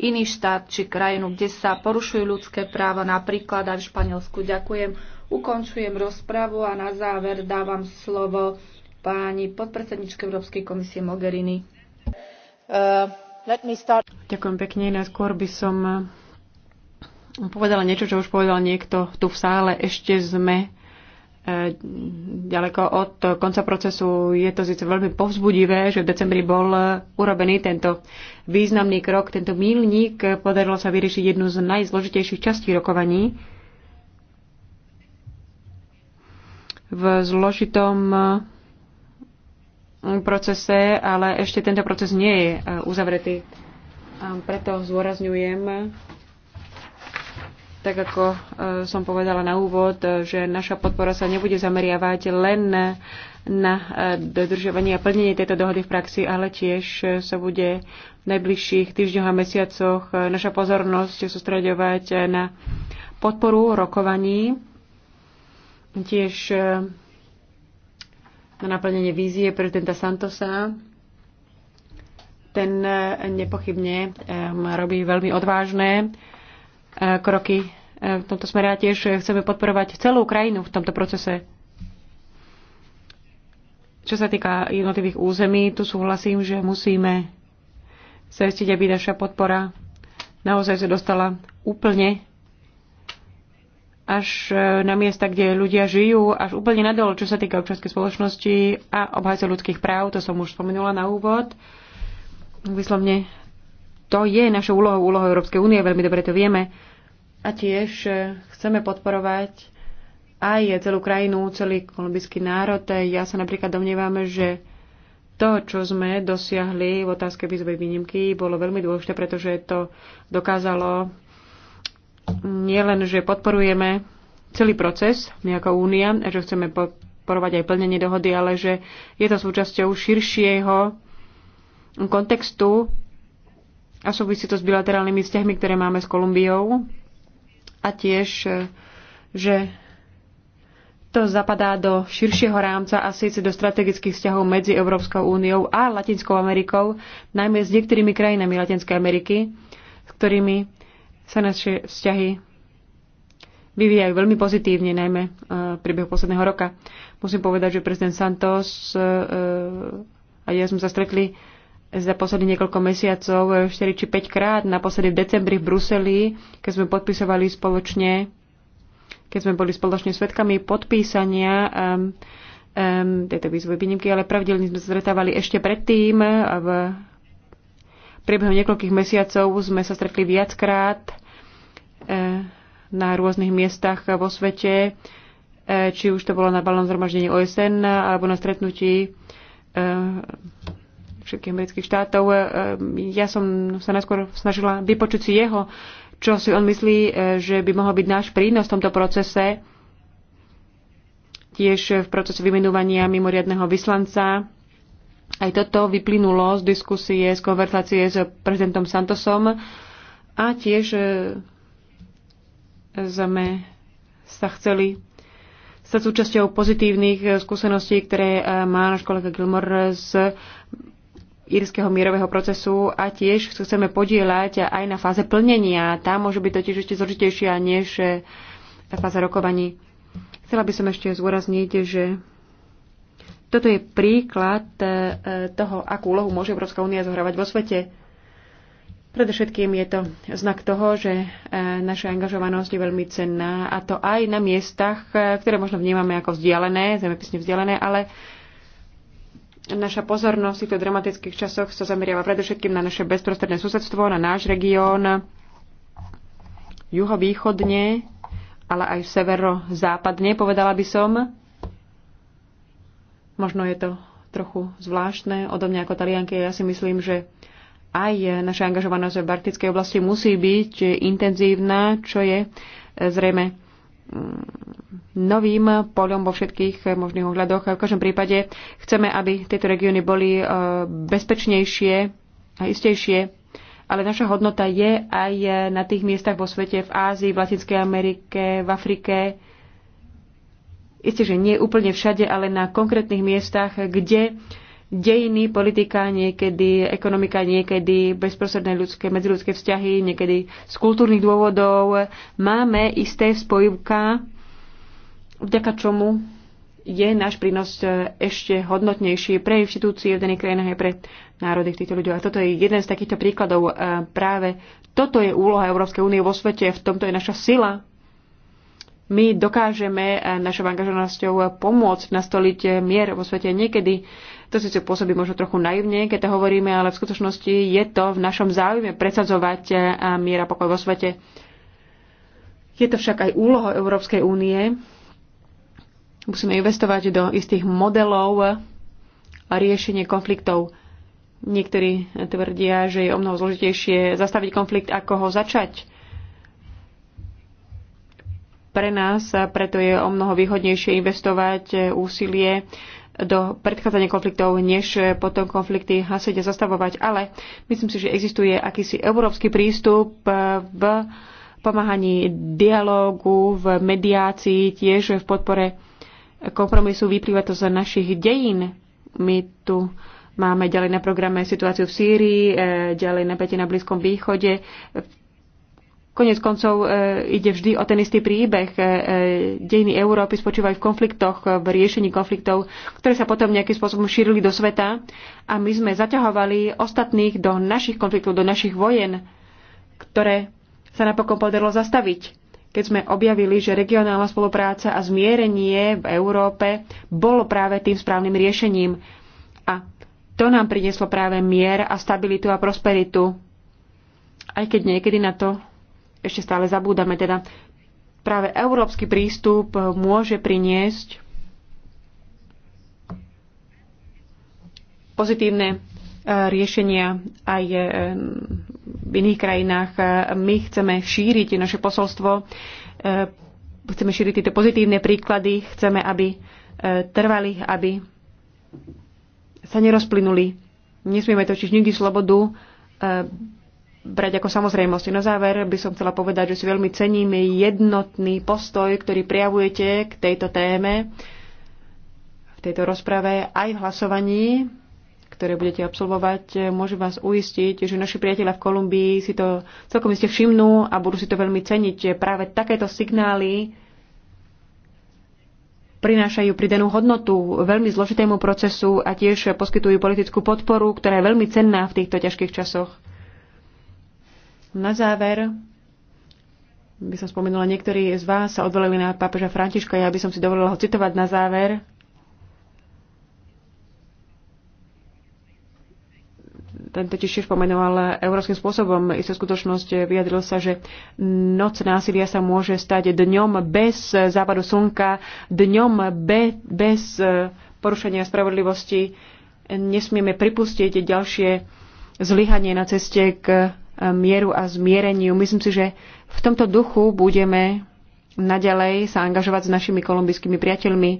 iný štát či krajinu, kde sa porušujú ľudské práva, napríklad aj v Španielsku. Ďakujem. Ukončujem rozpravu a na záver dávam slovo pani podpredsedničke Európskej komisie Mogherini. Uh,
Najskôr by som eh, povedala niečo, čo už povedal niekto tu v sále. Ešte sme eh, ďaleko od konca procesu. Je to síce veľmi povzbudivé, že v decembri bol eh, urobený tento významný krok, tento mílnik. Podarilo sa vyriešiť jednu z najzložitejších častí rokovaní. V zložitom procese, ale ešte tento proces nie je e, uzavretý. A preto zôrazňujem, tak ako e, som povedala na úvod, e, že naša podpora sa nebude zameriavať len na dodržovanie a plnenie tejto dohody v praxi, ale tiež sa bude v najbližších týždňoch a mesiacoch naša pozornosť sústredovať na podporu rokovaní, tiež na naplnenie vízie prezidenta Santosa. Ten e, nepochybne e, robí veľmi odvážne e, kroky v tomto smere a tiež chceme podporovať celú krajinu v tomto procese. Čo sa týka jednotlivých území, tu súhlasím, že musíme sa aby naša podpora naozaj sa dostala úplne až e, na miesta, kde ľudia žijú, až úplne nadol, čo sa týka občianskej spoločnosti a obhajce ľudských práv, to som už spomenula na úvod. Vyslovne to je našou úlohou, úlohou Európskej únie, veľmi dobre to vieme. A tiež e, chceme podporovať aj celú krajinu, celý kolumbijský národ. Ja sa napríklad domnievam, že to, čo sme dosiahli v otázke výzvej výnimky, bolo veľmi dôležité, pretože to dokázalo nielen, že podporujeme celý proces, my ako Únia, že chceme podporovať aj plnenie dohody, ale že je to súčasťou širšieho kontextu a súvisí to s bilaterálnymi vzťahmi, ktoré máme s Kolumbiou a tiež, že to zapadá do širšieho rámca a síce do strategických vzťahov medzi Európskou úniou a Latinskou Amerikou, najmä s niektorými krajinami Latinskej Ameriky, s ktorými sa naše vzťahy vyvíjajú veľmi pozitívne, najmä e, v priebehu posledného roka. Musím povedať, že prezident Santos e, e, a ja sme sa stretli za posledných niekoľko mesiacov 4 či 5 krát, naposledy v decembri v Bruseli, keď sme podpisovali spoločne, keď sme boli spoločne svetkami podpísania um, um, tejto výzvy výnimky, ale pravidelne sme sa stretávali ešte predtým v priebehu niekoľkých mesiacov sme sa stretli viackrát e, na rôznych miestach vo svete, e, či už to bolo na balnom zhromaždení OSN alebo na stretnutí e, všetkých amerických štátov. Ja som sa najskôr snažila vypočuť si jeho, čo si on myslí, že by mohol byť náš prínos v tomto procese, tiež v procese vymenovania mimoriadného vyslanca aj toto vyplynulo z diskusie, z konverzácie s prezidentom Santosom a tiež e, sme sa chceli stať súčasťou pozitívnych e, skúseností, ktoré e, má náš kolega Gilmore z írskeho mierového procesu a tiež chceme podieľať aj na fáze plnenia. Tá môže byť totiž ešte zložitejšia než fáza rokovaní. Chcela by som ešte zúrazniť, že toto je príklad e, e, toho, akú úlohu môže Európska únia zohrávať vo svete. Predovšetkým je to znak toho, že e, naša angažovanosť je veľmi cenná a to aj na miestach, ktoré možno vnímame ako vzdialené, zemepisne vzdialené, ale naša pozornosť v týchto dramatických časoch sa zameriava predovšetkým na naše bezprostredné susedstvo, na náš región, juhovýchodne, ale aj severozápadne, povedala by som. Možno je to trochu zvláštne odo mňa ako talianky. Ja si myslím, že aj naša angažovanosť v arktickej oblasti musí byť intenzívna, čo je e, zrejme mm, novým poľom vo všetkých možných ohľadoch. V každom prípade chceme, aby tieto regióny boli e, bezpečnejšie a istejšie, ale naša hodnota je aj na tých miestach vo svete, v Ázii, v Latinskej Amerike, v Afrike, Isté, že nie úplne všade, ale na konkrétnych miestach, kde dejiny, politika, niekedy ekonomika, niekedy bezprostredné ľudské, medziludské vzťahy, niekedy z kultúrnych dôvodov. Máme isté spojivka, vďaka čomu je náš prínos e, ešte hodnotnejší pre inštitúcie v daných krajinách aj pre národy týchto ľudí. A toto je jeden z takýchto príkladov. E, práve toto je úloha Európskej únie vo svete, v tomto je naša sila my dokážeme eh, našou angažovanosťou eh, pomôcť nastoliť eh, mier vo svete. Niekedy to síce pôsobí možno trochu naivne, keď to hovoríme, ale v skutočnosti je to v našom záujme presadzovať mier a pokoj vo svete. Je to však aj úloho Európskej únie. Musíme investovať do istých modelov a riešenie konfliktov. Niektorí tvrdia, že je o mnoho zložitejšie zastaviť konflikt, ako ho začať pre nás, preto je o mnoho výhodnejšie investovať e, úsilie do predchádzania konfliktov, než potom konflikty hasiť a zastavovať. Ale myslím si, že existuje akýsi európsky prístup e, v pomáhaní dialógu, v mediácii, tiež v podpore kompromisu. Vyplýva to z našich dejín. My tu máme ďalej na programe situáciu v Sýrii, e, ďalej napätie na Blízkom východe. V Konec koncov e, ide vždy o ten istý príbeh. E, e, dejiny Európy spočívajú v konfliktoch, v riešení konfliktov, ktoré sa potom nejakým spôsobom šírili do sveta a my sme zaťahovali ostatných do našich konfliktov, do našich vojen, ktoré sa napokon podarilo zastaviť. Keď sme objavili, že regionálna spolupráca a zmierenie v Európe bolo práve tým správnym riešením. A to nám prinieslo práve mier a stabilitu a prosperitu. Aj keď niekedy na to ešte stále zabúdame. Teda práve európsky prístup môže priniesť pozitívne e, riešenia aj e, v iných krajinách. My chceme šíriť naše posolstvo, e, chceme šíriť tieto pozitívne príklady, chceme, aby trvali, aby sa nerozplynuli. Nesmieme točiť nikdy slobodu brať ako samozrejmosť. Na záver by som chcela povedať, že si veľmi ceníme jednotný postoj, ktorý prijavujete k tejto téme, v tejto rozprave aj v hlasovaní, ktoré budete absolvovať. Môžem vás uistiť, že naši priatelia v Kolumbii si to celkom iste všimnú a budú si to veľmi ceniť. Práve takéto signály prinášajú pridanú hodnotu veľmi zložitému procesu a tiež poskytujú politickú podporu, ktorá je veľmi cenná v týchto ťažkých časoch. Na záver by som spomenula, niektorí z vás sa odvolili na pápeža Františka, ja by som si dovolila ho citovať na záver. Ten totiž tiež pomenoval európskym spôsobom istú skutočnosť, vyjadril sa, že noc násilia sa môže stať dňom bez západu slnka, dňom be, bez e, porušenia spravodlivosti. Nesmieme pripustiť ďalšie zlyhanie na ceste k mieru a zmiereniu. Myslím si, že v tomto duchu budeme naďalej sa angažovať s našimi kolumbijskými priateľmi,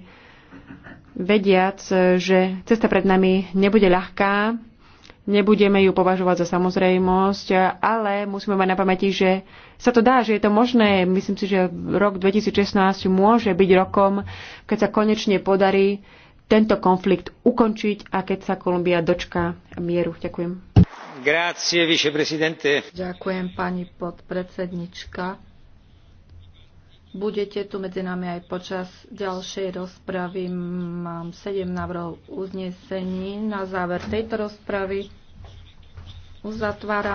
vediac, že cesta pred nami nebude ľahká, nebudeme ju považovať za samozrejmosť, ale musíme mať na pamäti, že sa to dá, že je to možné. Myslím si, že rok 2016 môže byť rokom, keď sa konečne podarí tento konflikt ukončiť a
keď sa Kolumbia dočká mieru. Ďakujem. Ďakujem, pani podpredsednička. Budete tu medzi nami aj počas ďalšej rozpravy. Mám 7 návrhov uznesení. Na záver tejto rozpravy uzatváram.